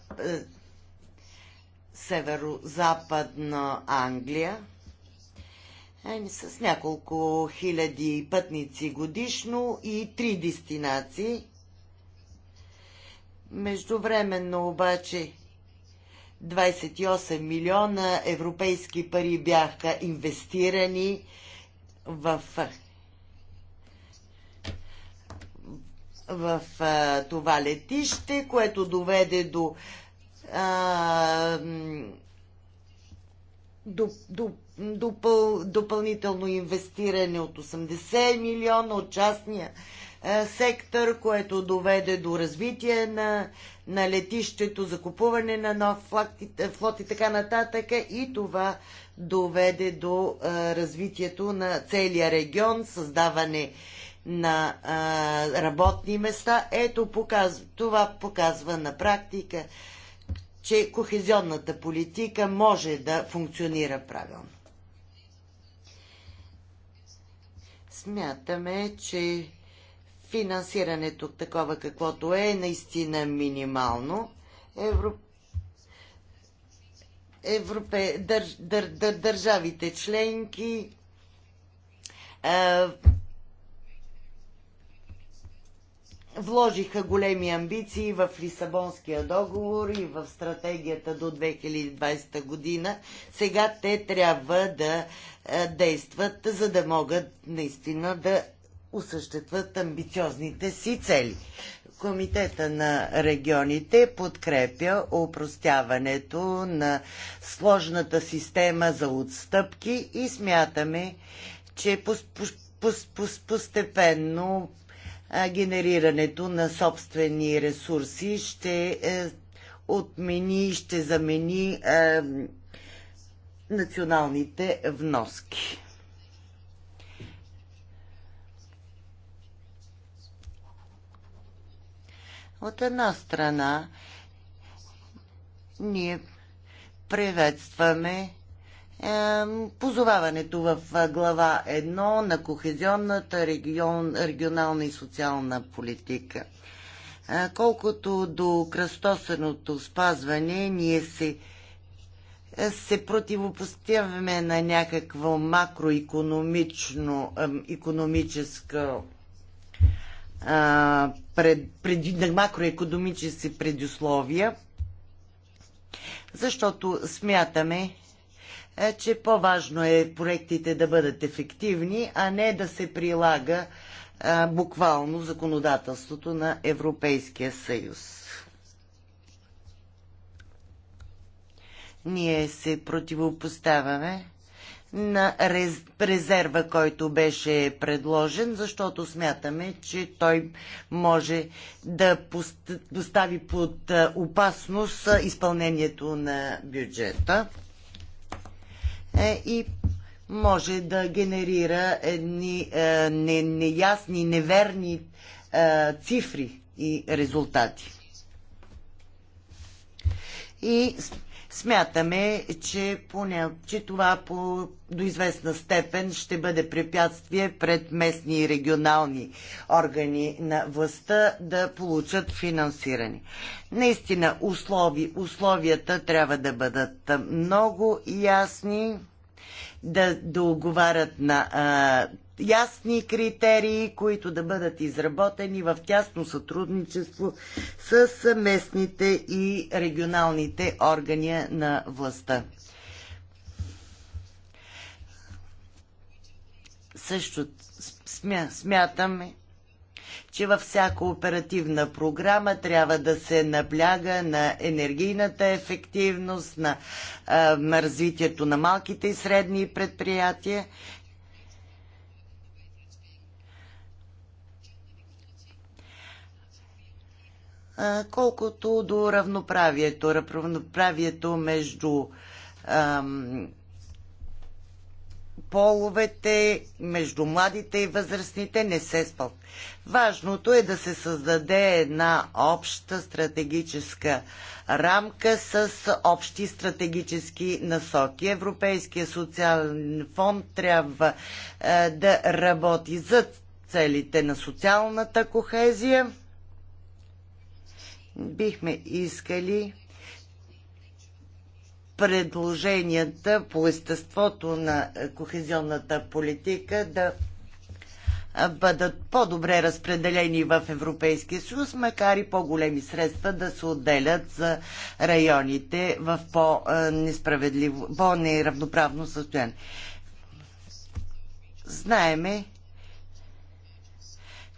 северо-западна Англия ами, с няколко хиляди пътници годишно и три дестинации. Междувременно обаче 28 милиона европейски пари бяха инвестирани в в а, това летище, което доведе до, а, до, до допъл, допълнително инвестиране от 80 милиона от частния е, сектор, което доведе до развитие на, на летището, закупуване на нов флот и, флот и така нататък. И това доведе до е, развитието на целия регион, създаване на а, е, работни места. Ето, показва, това показва на практика че кохезионната политика може да функционира правилно. Смятаме, че финансирането такова каквото е, е наистина минимално. Евро... Европе... Дър... Дър... Дър... Държавите членки вложиха големи амбиции в Лисабонския договор и в стратегията до 2020 година. Сега те трябва да е, действат, за да могат наистина да осъществят амбициозните си цели. Комитета на регионите подкрепя упростяването на сложната система за отстъпки и смятаме, че постепенно генерирането на собствени ресурси ще е, отмени и ще замени е, националните вноски. От една страна, ние приветстваме позоваването в глава 1 на кохезионната регион, регионална и социална политика. Колкото до кръстосаното спазване, ние се, е, се противопоставяме на някакво макроекономично, економическа пред, пред, на макроекономически предусловия, защото смятаме, е, че по-важно е проектите да бъдат ефективни, а не да се прилага е, буквално законодателството на Европейския съюз. Ние се противопоставяме на резерва, който беше предложен, защото смятаме, че той може да постави под е, опасност изпълнението на бюджета. Е, и може да генерира едни е, не, неясни, неверни е, цифри и резултати. И Смятаме, че, поня... че това по... до известна степен ще бъде препятствие пред местни и регионални органи на властта да получат финансиране. Наистина, услови... условията трябва да бъдат много ясни, да договарят да на а, ясни критерии, които да бъдат изработени в тясно сътрудничество с местните и регионалните органи на властта. Също смя, смятаме, че във всяка оперативна програма трябва да се набляга на енергийната ефективност, на, а, на развитието на малките и средни предприятия колкото до равноправието, равноправието между ам, половете, между младите и възрастните не се спал. Важното е да се създаде една обща стратегическа рамка с общи стратегически насоки. Европейския социален фонд трябва а, да работи за целите на социалната кохезия бихме искали предложенията по естеството на кохезионната политика да бъдат по-добре разпределени в Европейския съюз, макар и по-големи средства да се отделят за районите в по-несправедливо, по-неравноправно състояние. Знаеме,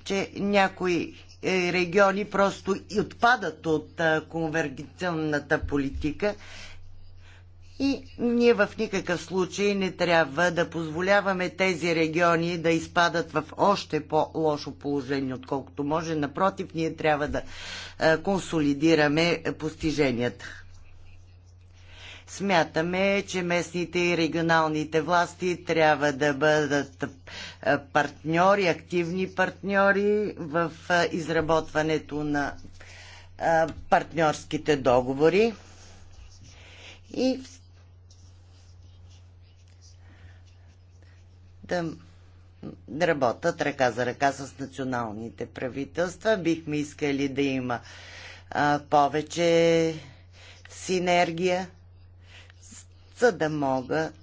че някои е, региони просто и отпадат от конвергенционната политика и ние в никакъв случай не трябва да позволяваме тези региони да изпадат в още по-лошо положение, отколкото може. Напротив, ние трябва да консолидираме постиженията. Смятаме, че местните и регионалните власти трябва да бъдат е, партньори, активни партньори в е, изработването на е, партньорските договори. И да работят ръка за ръка с националните правителства. Бихме искали да има а, повече синергия за да могат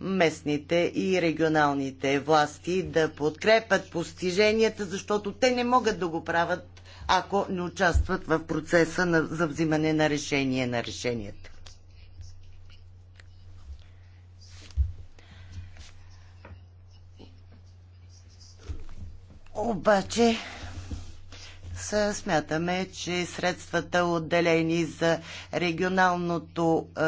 местните и регионалните власти да подкрепят постиженията, защото те не могат да го правят, ако не участват в процеса на, за взимане на решение на решенията. Обаче смятаме, че средствата отделени за регионалното е,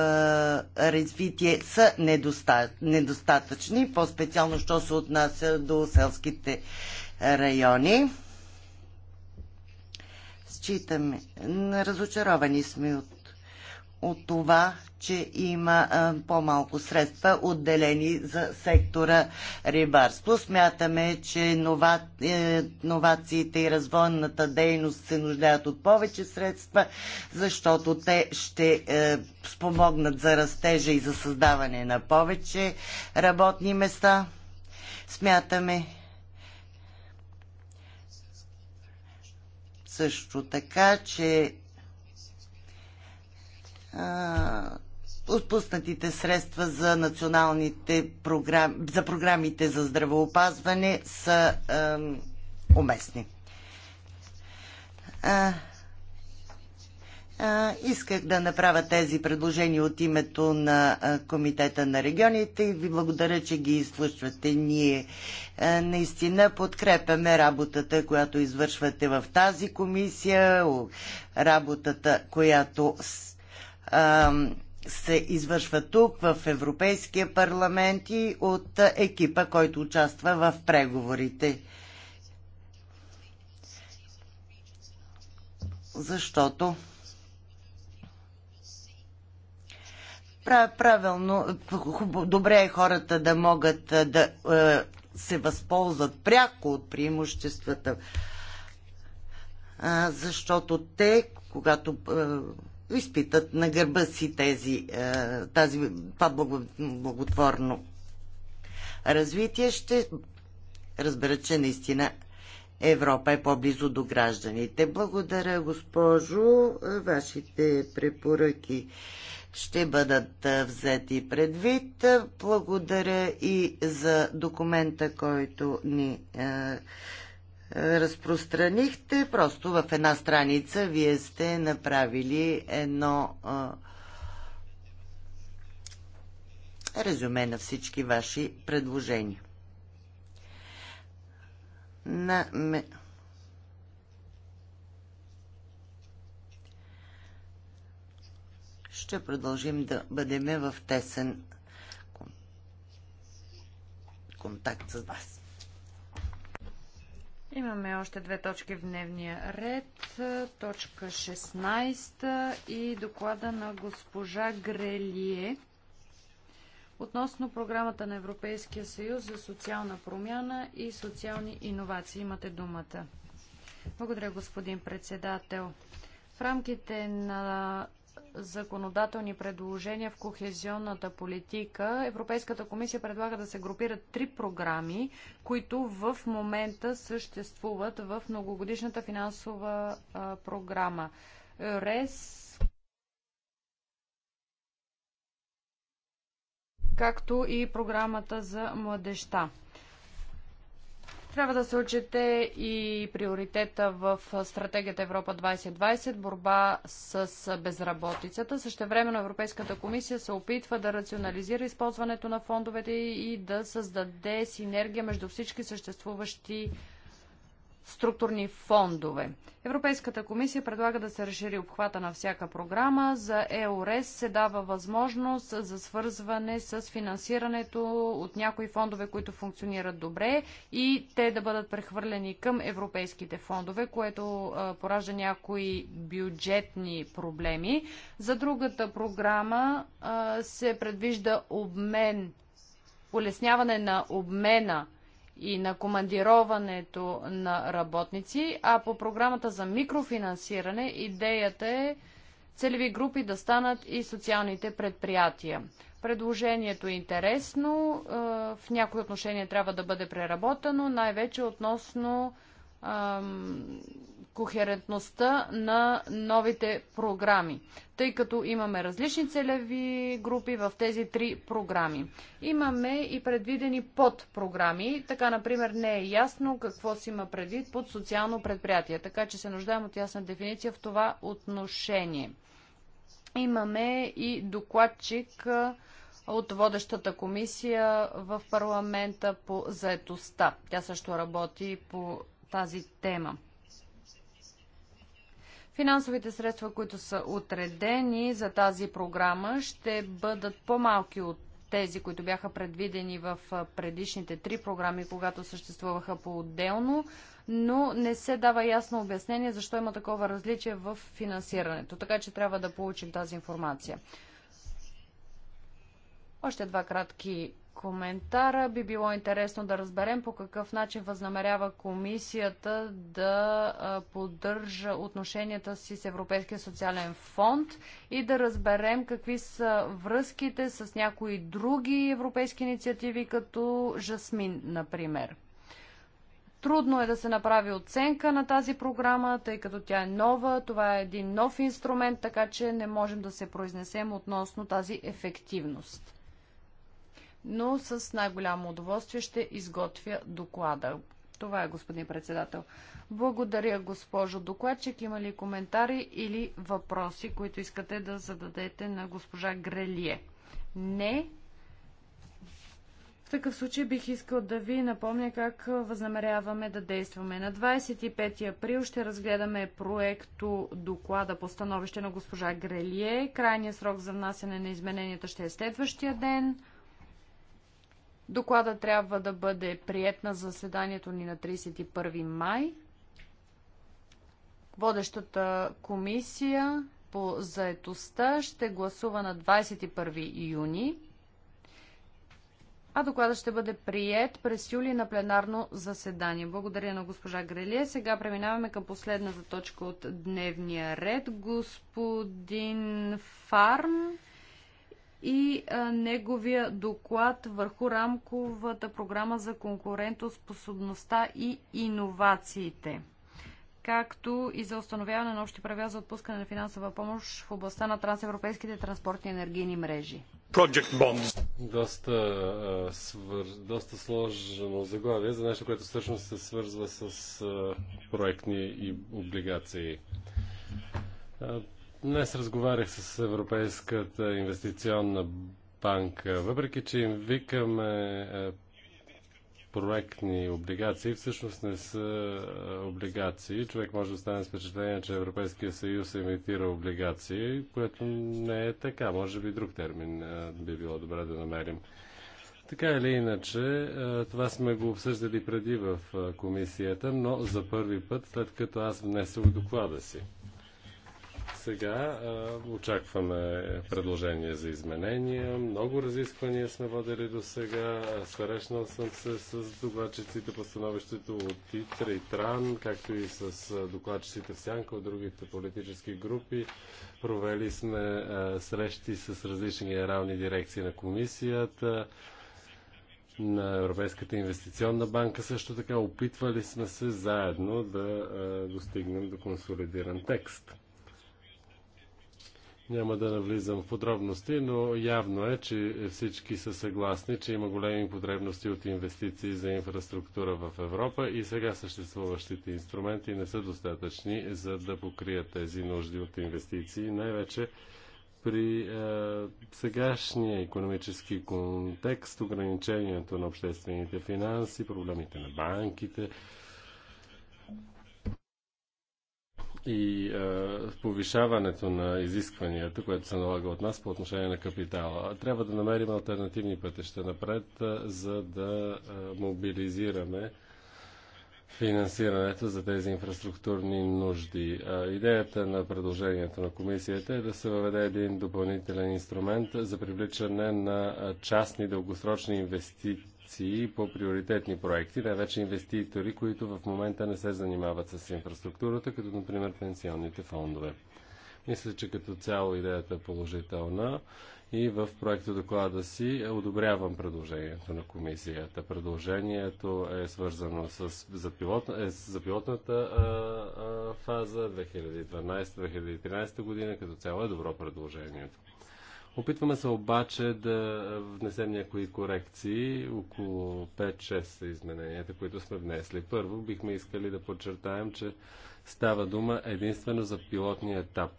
развитие са недоста... недостатъчни, по-специално, що се отнася до селските райони. Считаме, разочаровани сме от от това, че има по-малко средства отделени за сектора рибарство. Смятаме, че е, новациите и развойната дейност се нуждаят от повече средства, защото те ще е, спомогнат за растежа и за създаване на повече работни места. Смятаме, също така, че отпуснатите средства за националните програми, за програмите за здравеопазване са а, уместни. А, а, исках да направя тези предложения от името на Комитета на регионите и ви благодаря, че ги изслушвате. Ние а, наистина подкрепяме работата, която извършвате в тази комисия, работата, която се извършва тук, в Европейския парламент и от екипа, който участва в преговорите. Защото правилно, добре е хората да могат да се възползват пряко от преимуществата, защото те, когато изпитат на гърба си тези, е, тази, това благотворно развитие, ще разберат, че наистина Европа е по-близо до гражданите. Благодаря, госпожо. Вашите препоръки ще бъдат е, взети предвид. Благодаря и за документа, който ни е, разпространихте. Просто в една страница вие сте направили едно а, резюме на всички ваши предложения. На ме... Ще продължим да бъдем в тесен контакт с вас. Имаме още две точки в дневния ред. Точка 16 и доклада на госпожа Грелие относно програмата на Европейския съюз за социална промяна и социални иновации. Имате думата. Благодаря, господин председател. В рамките на законодателни предложения в кохезионната политика, Европейската комисия предлага да се групират три програми, които в момента съществуват в многогодишната финансова програма. РЕС, както и програмата за младеща. Трябва да се отчете и приоритета в стратегията Европа 2020 борба с безработицата. на Европейската комисия се опитва да рационализира използването на фондовете и да създаде синергия между всички съществуващи структурни фондове. Европейската комисия предлага да се разшири обхвата на всяка програма. За ЕОРЕС се дава възможност за свързване с финансирането от някои фондове, които функционират добре и те да бъдат прехвърлени към европейските фондове, което поражда някои бюджетни проблеми. За другата програма се предвижда обмен, улесняване на обмена и на командироването на работници, а по програмата за микрофинансиране идеята е целеви групи да станат и социалните предприятия. Предложението е интересно, е, в някои отношения трябва да бъде преработено, най-вече относно кохерентността на новите програми, тъй като имаме различни целеви групи в тези три програми. Имаме и предвидени подпрограми, така например не е ясно какво си има предвид под социално предприятие, така че се нуждаем от ясна дефиниция в това отношение. Имаме и докладчик от водещата комисия в парламента по заетостта. Тя също работи по тази тема. Финансовите средства, които са отредени за тази програма, ще бъдат по-малки от тези, които бяха предвидени в предишните три програми, когато съществуваха по-отделно, но не се дава ясно обяснение защо има такова различие в финансирането. Така че трябва да получим тази информация. Още два кратки коментара. Би било интересно да разберем по какъв начин възнамерява комисията да поддържа отношенията си с Европейския социален фонд и да разберем какви са връзките с някои други европейски инициативи, като Жасмин, например. Трудно е да се направи оценка на тази програма, тъй като тя е нова. Това е един нов инструмент, така че не можем да се произнесем относно тази ефективност но с най-голямо удоволствие ще изготвя доклада. Това е, господин председател. Благодаря, госпожо докладчик. Има ли коментари или въпроси, които искате да зададете на госпожа Грелие? Не. В такъв случай бих искал да ви напомня как възнамеряваме да действаме. На 25 април ще разгледаме проекто доклада по становище на госпожа Грелие. Крайният срок за внасяне на измененията ще е следващия ден. Доклада трябва да бъде прият на заседанието ни на 31 май. Водещата комисия по заетостта ще гласува на 21 юни, а докладът ще бъде прият през юли на пленарно заседание. Благодаря на госпожа Грелия. Сега преминаваме към последната точка от дневния ред. Господин Фарм и а, неговия доклад върху рамковата програма за конкурентоспособността и иновациите както и за установяване на общи правила за отпускане на финансова помощ в областта на трансевропейските транспортни енергийни мрежи. Доста, свър... доста сложено заглавие за нещо, което всъщност се свързва с проектни и облигации. Днес разговарях с Европейската инвестиционна банка. Въпреки, че им викаме е, проектни облигации, всъщност не са е, облигации. Човек може да стане с впечатление, че Европейския съюз имитира облигации, което не е така. Може би друг термин е, би било добре да намерим. Така или иначе, това сме го обсъждали преди в комисията, но за първи път, след като аз внесох доклада си сега очакваме предложения за изменения. Много разисквания сме водили до сега. Срещнал съм се с докладчиците по становището от ИТРА и ТРАН, както и с докладчиците в Сянка от другите политически групи. Провели сме срещи с различни генерални дирекции на комисията на Европейската инвестиционна банка. Също така опитвали сме се заедно да достигнем до консолидиран текст. Няма да навлизам в подробности, но явно е, че всички са съгласни, че има големи потребности от инвестиции за инфраструктура в Европа и сега съществуващите инструменти не са достатъчни за да покрият тези нужди от инвестиции, най-вече при е, сегашния економически контекст, ограничението на обществените финанси, проблемите на банките, и а, повишаването на изискванията, което се налага от нас по отношение на капитала. Трябва да намерим альтернативни пътища напред, за да а, мобилизираме финансирането за тези инфраструктурни нужди. Идеята на предложението на комисията е да се въведе един допълнителен инструмент за привличане на частни дългосрочни инвестиции инвестиции по приоритетни проекти, най-вече инвеститори, които в момента не се занимават с инфраструктурата, като например пенсионните фондове. Мисля, че като цяло идеята е положителна и в проекта доклада си одобрявам предложението на комисията. Предложението е свързано с, за, пилот, е, за пилотната а, а, фаза 2012-2013 година. Като цяло е добро предложението. Опитваме се обаче да внесем някои корекции, около 5-6 са измененията, които сме внесли. Първо бихме искали да подчертаем, че става дума единствено за пилотния етап.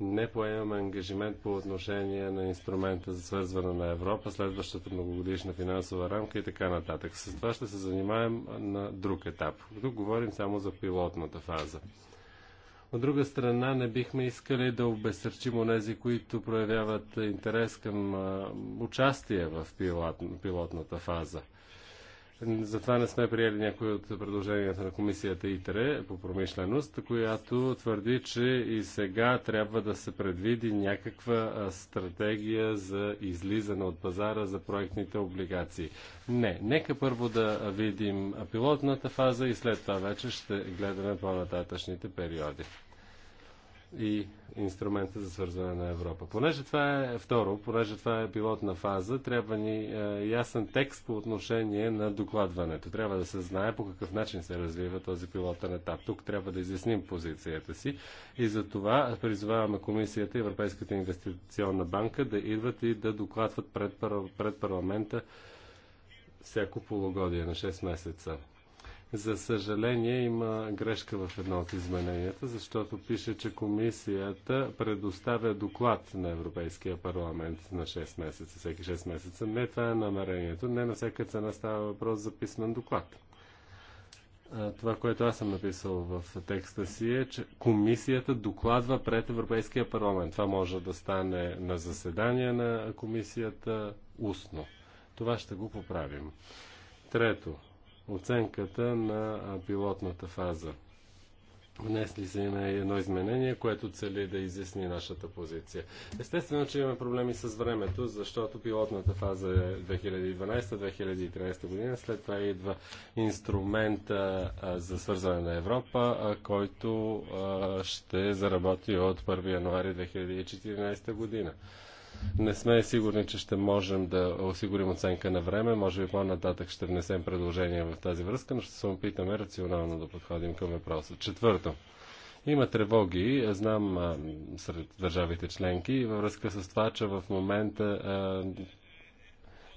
Не поемаме ангажимент по отношение на инструмента за свързване на Европа, следващата многогодишна финансова рамка и така нататък. С това ще се занимаем на друг етап. Тук говорим само за пилотната фаза. От друга страна, не бихме искали да обесърчим онези, които проявяват интерес към участие в пилотната фаза. Затова не сме приели някои от предложенията на комисията ИТРЕ по промишленост, която твърди, че и сега трябва да се предвиди някаква стратегия за излизане от пазара за проектните облигации. Не, нека първо да видим пилотната фаза и след това вече ще гледаме по-нататъчните периоди и инструмента за свързване на Европа. Понеже това е второ, понеже това е пилотна фаза, трябва ни е, ясен текст по отношение на докладването. Трябва да се знае по какъв начин се развива този пилотен етап. Тук трябва да изясним позицията си и за това призоваваме Комисията и Европейската инвестиционна банка да идват и да докладват пред, пар... пред парламента всяко полугодие на 6 месеца. За съжаление има грешка в едно от измененията, защото пише, че комисията предоставя доклад на Европейския парламент на 6 месеца, всеки 6 месеца. Не това е намерението, не на всяка цена става въпрос за писмен доклад. Това, което аз съм написал в текста си е, че комисията докладва пред Европейския парламент. Това може да стане на заседание на комисията устно. Това ще го поправим. Трето, оценката на пилотната фаза. Внесли се има едно изменение, което цели да изясни нашата позиция. Естествено, че имаме проблеми с времето, защото пилотната фаза е 2012-2013 година. След това идва инструмента за свързване на Европа, който ще заработи от 1 януари 2014 година. Не сме сигурни, че ще можем да осигурим оценка на време. Може би по-нататък ще внесем предложения в тази връзка, но ще се опитаме рационално да подходим към въпроса. Четвърто. Има тревоги, знам, а, сред държавите членки, във връзка с това, че в момента а,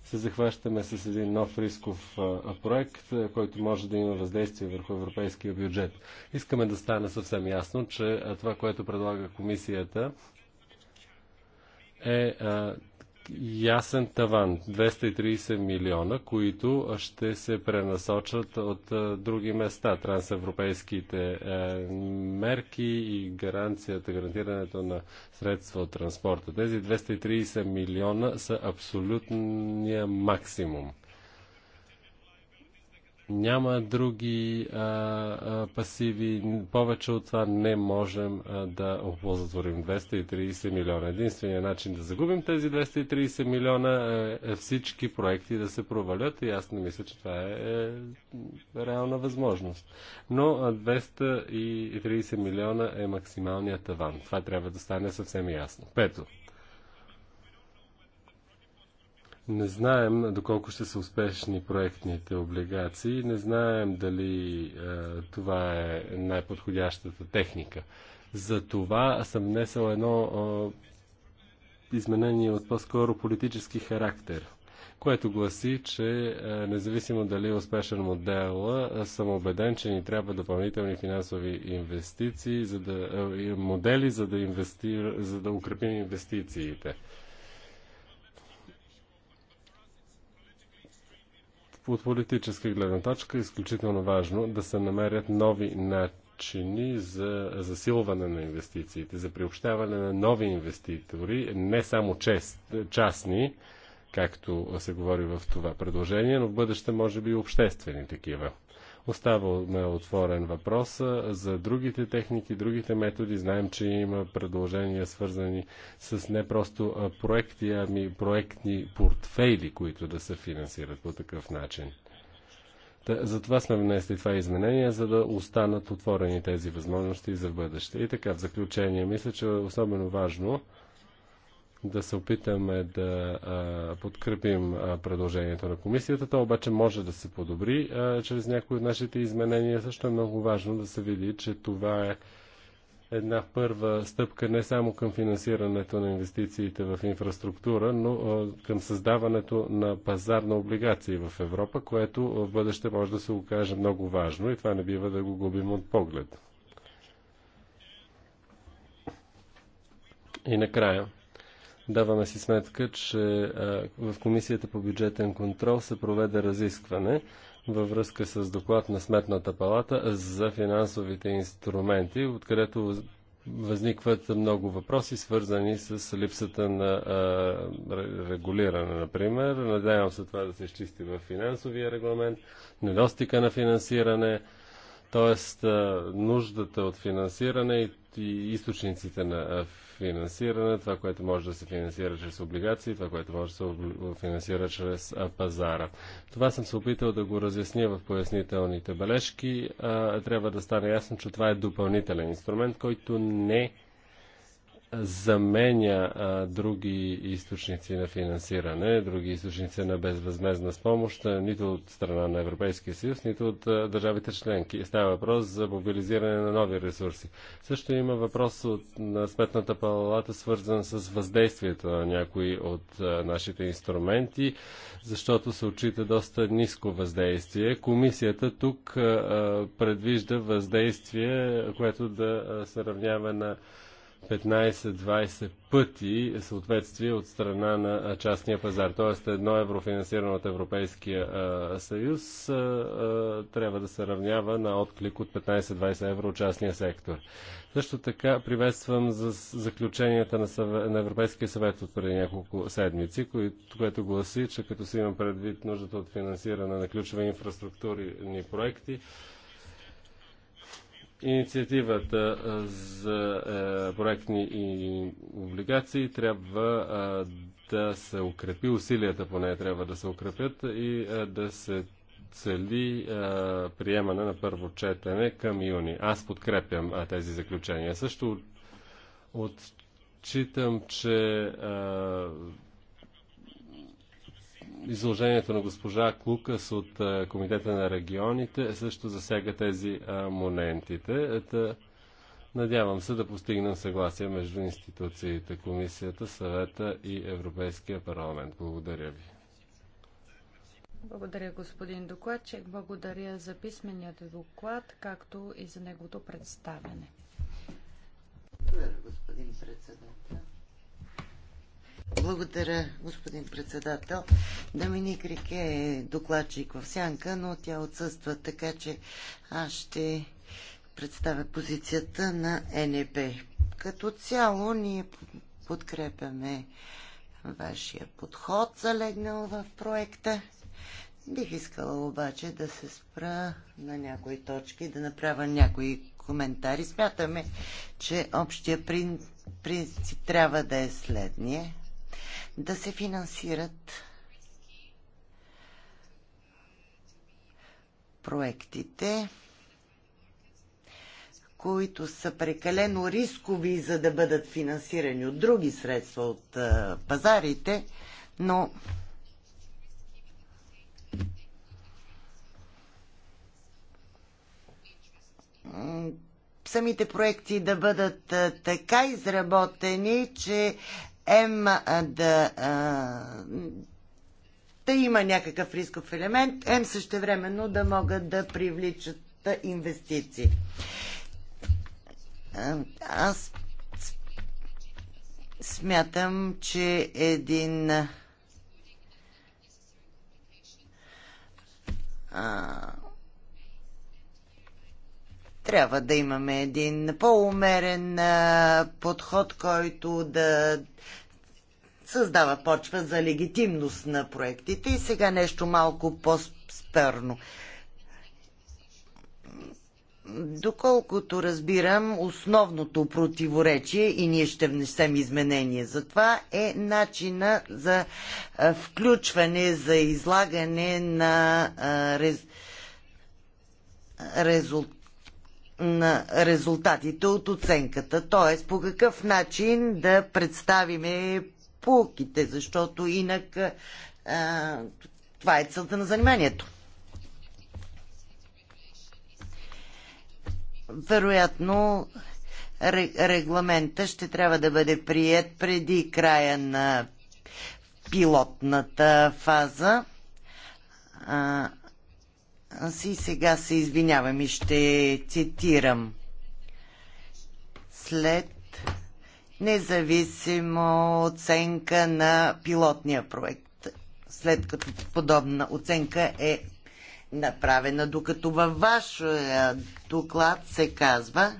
се захващаме с един нов рисков а, проект, който може да има въздействие върху европейския бюджет. Искаме да стане съвсем ясно, че това, което предлага комисията, е а, ясен таван 230 милиона, които ще се пренасочат от а, други места. Трансевропейските а, е, мерки и гаранцията, гарантирането на средства от транспорта. Тези 230 милиона са абсолютния максимум няма други а, а, пасиви, повече от това не можем а, да оползотворим 230 милиона. Единственият начин да загубим тези 230 милиона е, е всички проекти да се провалят и аз не мисля, че това е, е реална възможност. Но 230 милиона е максималният таван. Това трябва да стане съвсем ясно. Пето. Не знаем доколко ще са успешни проектните облигации, не знаем дали е, това е най-подходящата техника. За това съм внесъл едно е, изменение от по-скоро политически характер, което гласи, че е, независимо дали е успешен модел, е, съм убеден, че ни трябва допълнителни финансови инвестиции, за да, е, модели, за да, инвестир, за да укрепим инвестициите. от политическа гледна точка е изключително важно да се намерят нови начини за засилване на инвестициите, за приобщаване на нови инвеститори, не само чест, частни, както се говори в това предложение, но в бъдеще може би и обществени такива. Оставаме отворен въпрос за другите техники, другите методи. Знаем, че има предложения свързани с не просто проекти, ами проектни портфейли, които да се финансират по такъв начин. затова сме внесли това изменение, за да останат отворени тези възможности за бъдеще. И така, в заключение, мисля, че е особено важно да се опитаме да а, подкрепим а, предложението на комисията. То обаче може да се подобри а, чрез някои от нашите изменения. Също е много важно да се види, че това е една първа стъпка не само към финансирането на инвестициите в инфраструктура, но а, към създаването на пазар на облигации в Европа, което в бъдеще може да се окаже много важно и това не бива да го губим от поглед. И накрая. Даваме си сметка, че в Комисията по бюджетен контрол се проведе разискване във връзка с доклад на Сметната палата за финансовите инструменти, откъдето възникват много въпроси, свързани с липсата на регулиране, например. Надявам се това да се изчисти в финансовия регламент, недостига на финансиране, т.е. нуждата от финансиране и, и източниците на финансиране, това, което може да се финансира чрез облигации, това, което може да се финансира чрез пазара. Това съм се опитал да го разясня в пояснителните бележки. Трябва да стане ясно, че това е допълнителен инструмент, който не е заменя а, други източници на финансиране, други източници на безвъзмезна помощ, нито от страна на Европейския съюз, нито от а, държавите членки. Става въпрос за мобилизиране на нови ресурси. Също има въпрос от, на Сметната палата, свързан с въздействието на някои от а, нашите инструменти, защото се очита доста ниско въздействие. Комисията тук а, предвижда въздействие, което да се равнява на 15-20 пъти е съответствие от страна на частния пазар. Тоест едно евро финансирано от Европейския съюз а, а, трябва да се равнява на отклик от 15-20 евро от частния сектор. Също така приветствам за заключенията на, съвет, на Европейския съвет от преди няколко седмици, което, което гласи, че като си имам предвид нуждата от финансиране на ключови инфраструктурни проекти, Инициативата за проектни и облигации трябва да се укрепи, усилията по нея трябва да се укрепят и да се цели приемане на първо четене към юни. Аз подкрепям тези заключения. Също отчитам, че а, изложението на госпожа Клукас от Комитета на регионите също засяга тези моментите. Надявам се да постигнем съгласие между институциите, Комисията, Съвета и Европейския парламент. Благодаря ви. Благодаря, господин докладчик. Благодаря за писменият доклад, както и за неговото представяне. Благодаря, господин председател. Благодаря, господин председател. Доминик Рике е докладчик в сянка, но тя отсъства, така че аз ще представя позицията на НЕП. Като цяло ние подкрепяме вашия подход, залегнал в проекта. Бих искала обаче да се спра на някои точки, да направя някои коментари. Смятаме, че общия принцип трябва да е следния да се финансират проектите, които са прекалено рискови, за да бъдат финансирани от други средства от пазарите, но самите проекти да бъдат така изработени, че М да, да има някакъв рисков елемент, М времено да могат да привличат инвестиции. Аз смятам, че един а, трябва да имаме един по-умерен подход, който да създава почва за легитимност на проектите. И сега нещо малко по-сперно. Доколкото разбирам, основното противоречие, и ние ще внесем изменение за това, е начина за включване, за излагане на резултат на резултатите от оценката, т.е. по какъв начин да представиме полките, защото инак а, това е целта на заниманието. Вероятно, регламента ще трябва да бъде прият преди края на пилотната фаза. А, аз и сега се извинявам и ще цитирам. След независимо оценка на пилотния проект, след като подобна оценка е направена, докато във вашия доклад се казва,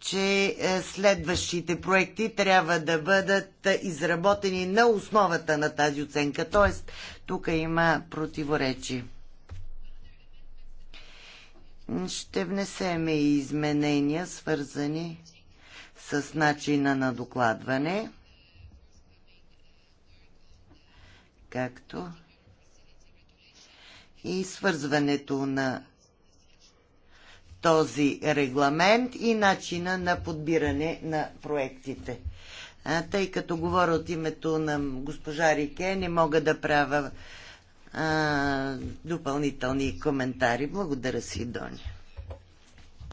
че е, следващите проекти трябва да бъдат е, изработени на основата на тази оценка. Тоест, тук има противоречие. Ще внесеме и изменения, свързани с начина на докладване, както и свързването на този регламент и начина на подбиране на проектите тъй като говоря от името на госпожа Рике, не мога да правя а, допълнителни коментари. Благодаря, си, Доня.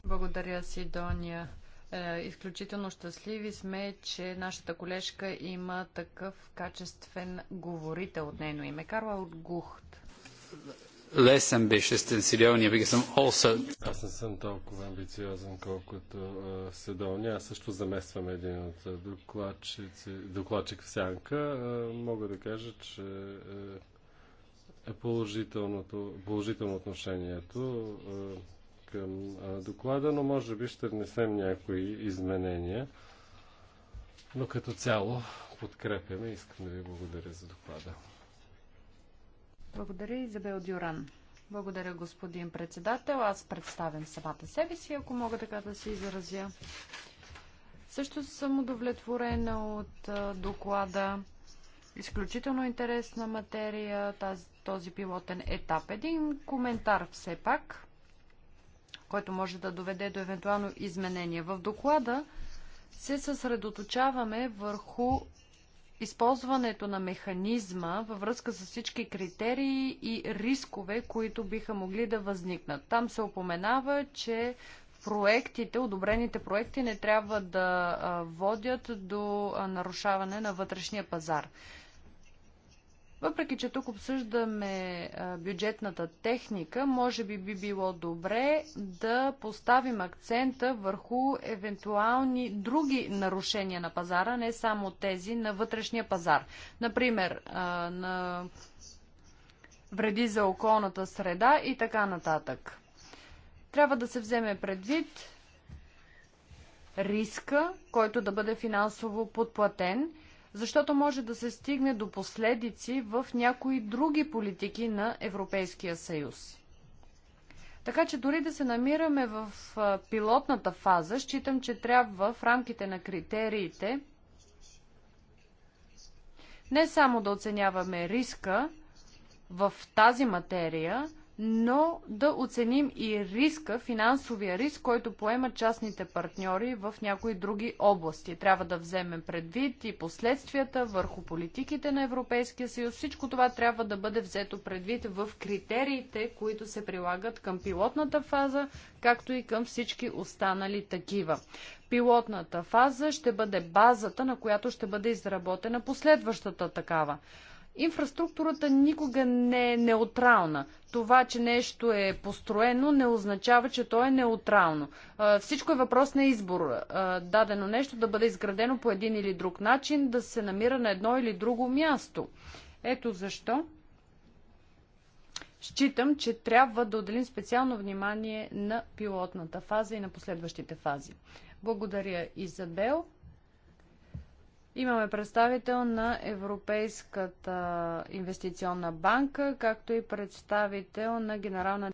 Благодаря, си, Сидония. Е, изключително щастливи сме, че нашата колежка има такъв качествен говорител от нейно име. Карла от Гухт less ambitious than Sidonia because I'm also... Аз не съм толкова амбициозен, колкото uh, Седония. Аз също замествам един от докладчици, докладчик в сянка. Uh, мога да кажа, че uh, е положителното, положително отношението uh, към uh, доклада, но може би ще внесем някои изменения. Но като цяло подкрепяме и искам да ви благодаря за доклада. Благодаря, Изабел Дюран. Благодаря, господин председател. Аз представям самата себе си, ако мога така да се изразя. Също съм удовлетворена от доклада. Изключително интересна материя, тази, този пилотен етап. Един коментар все пак, който може да доведе до евентуално изменение. В доклада се съсредоточаваме върху използването на механизма във връзка с всички критерии и рискове, които биха могли да възникнат. Там се упоменава, че проектите, одобрените проекти не трябва да водят до нарушаване на вътрешния пазар. Въпреки, че тук обсъждаме бюджетната техника, може би би било добре да поставим акцента върху евентуални други нарушения на пазара, не само тези на вътрешния пазар. Например, на вреди за околната среда и така нататък. Трябва да се вземе предвид риска, който да бъде финансово подплатен – защото може да се стигне до последици в някои други политики на Европейския съюз. Така че дори да се намираме в пилотната фаза, считам, че трябва в рамките на критериите не само да оценяваме риска в тази материя, но да оценим и риска, финансовия риск, който поемат частните партньори в някои други области. Трябва да вземем предвид и последствията върху политиките на Европейския съюз. Всичко това трябва да бъде взето предвид в критериите, които се прилагат към пилотната фаза, както и към всички останали такива. Пилотната фаза ще бъде базата, на която ще бъде изработена последващата такава. Инфраструктурата никога не е неутрална. Това, че нещо е построено, не означава, че то е неутрално. Всичко е въпрос на избор. Дадено нещо да бъде изградено по един или друг начин, да се намира на едно или друго място. Ето защо считам, че трябва да отделим специално внимание на пилотната фаза и на последващите фази. Благодаря, Изабел. Имаме представител на Европейската инвестиционна банка, както и представител на Генерална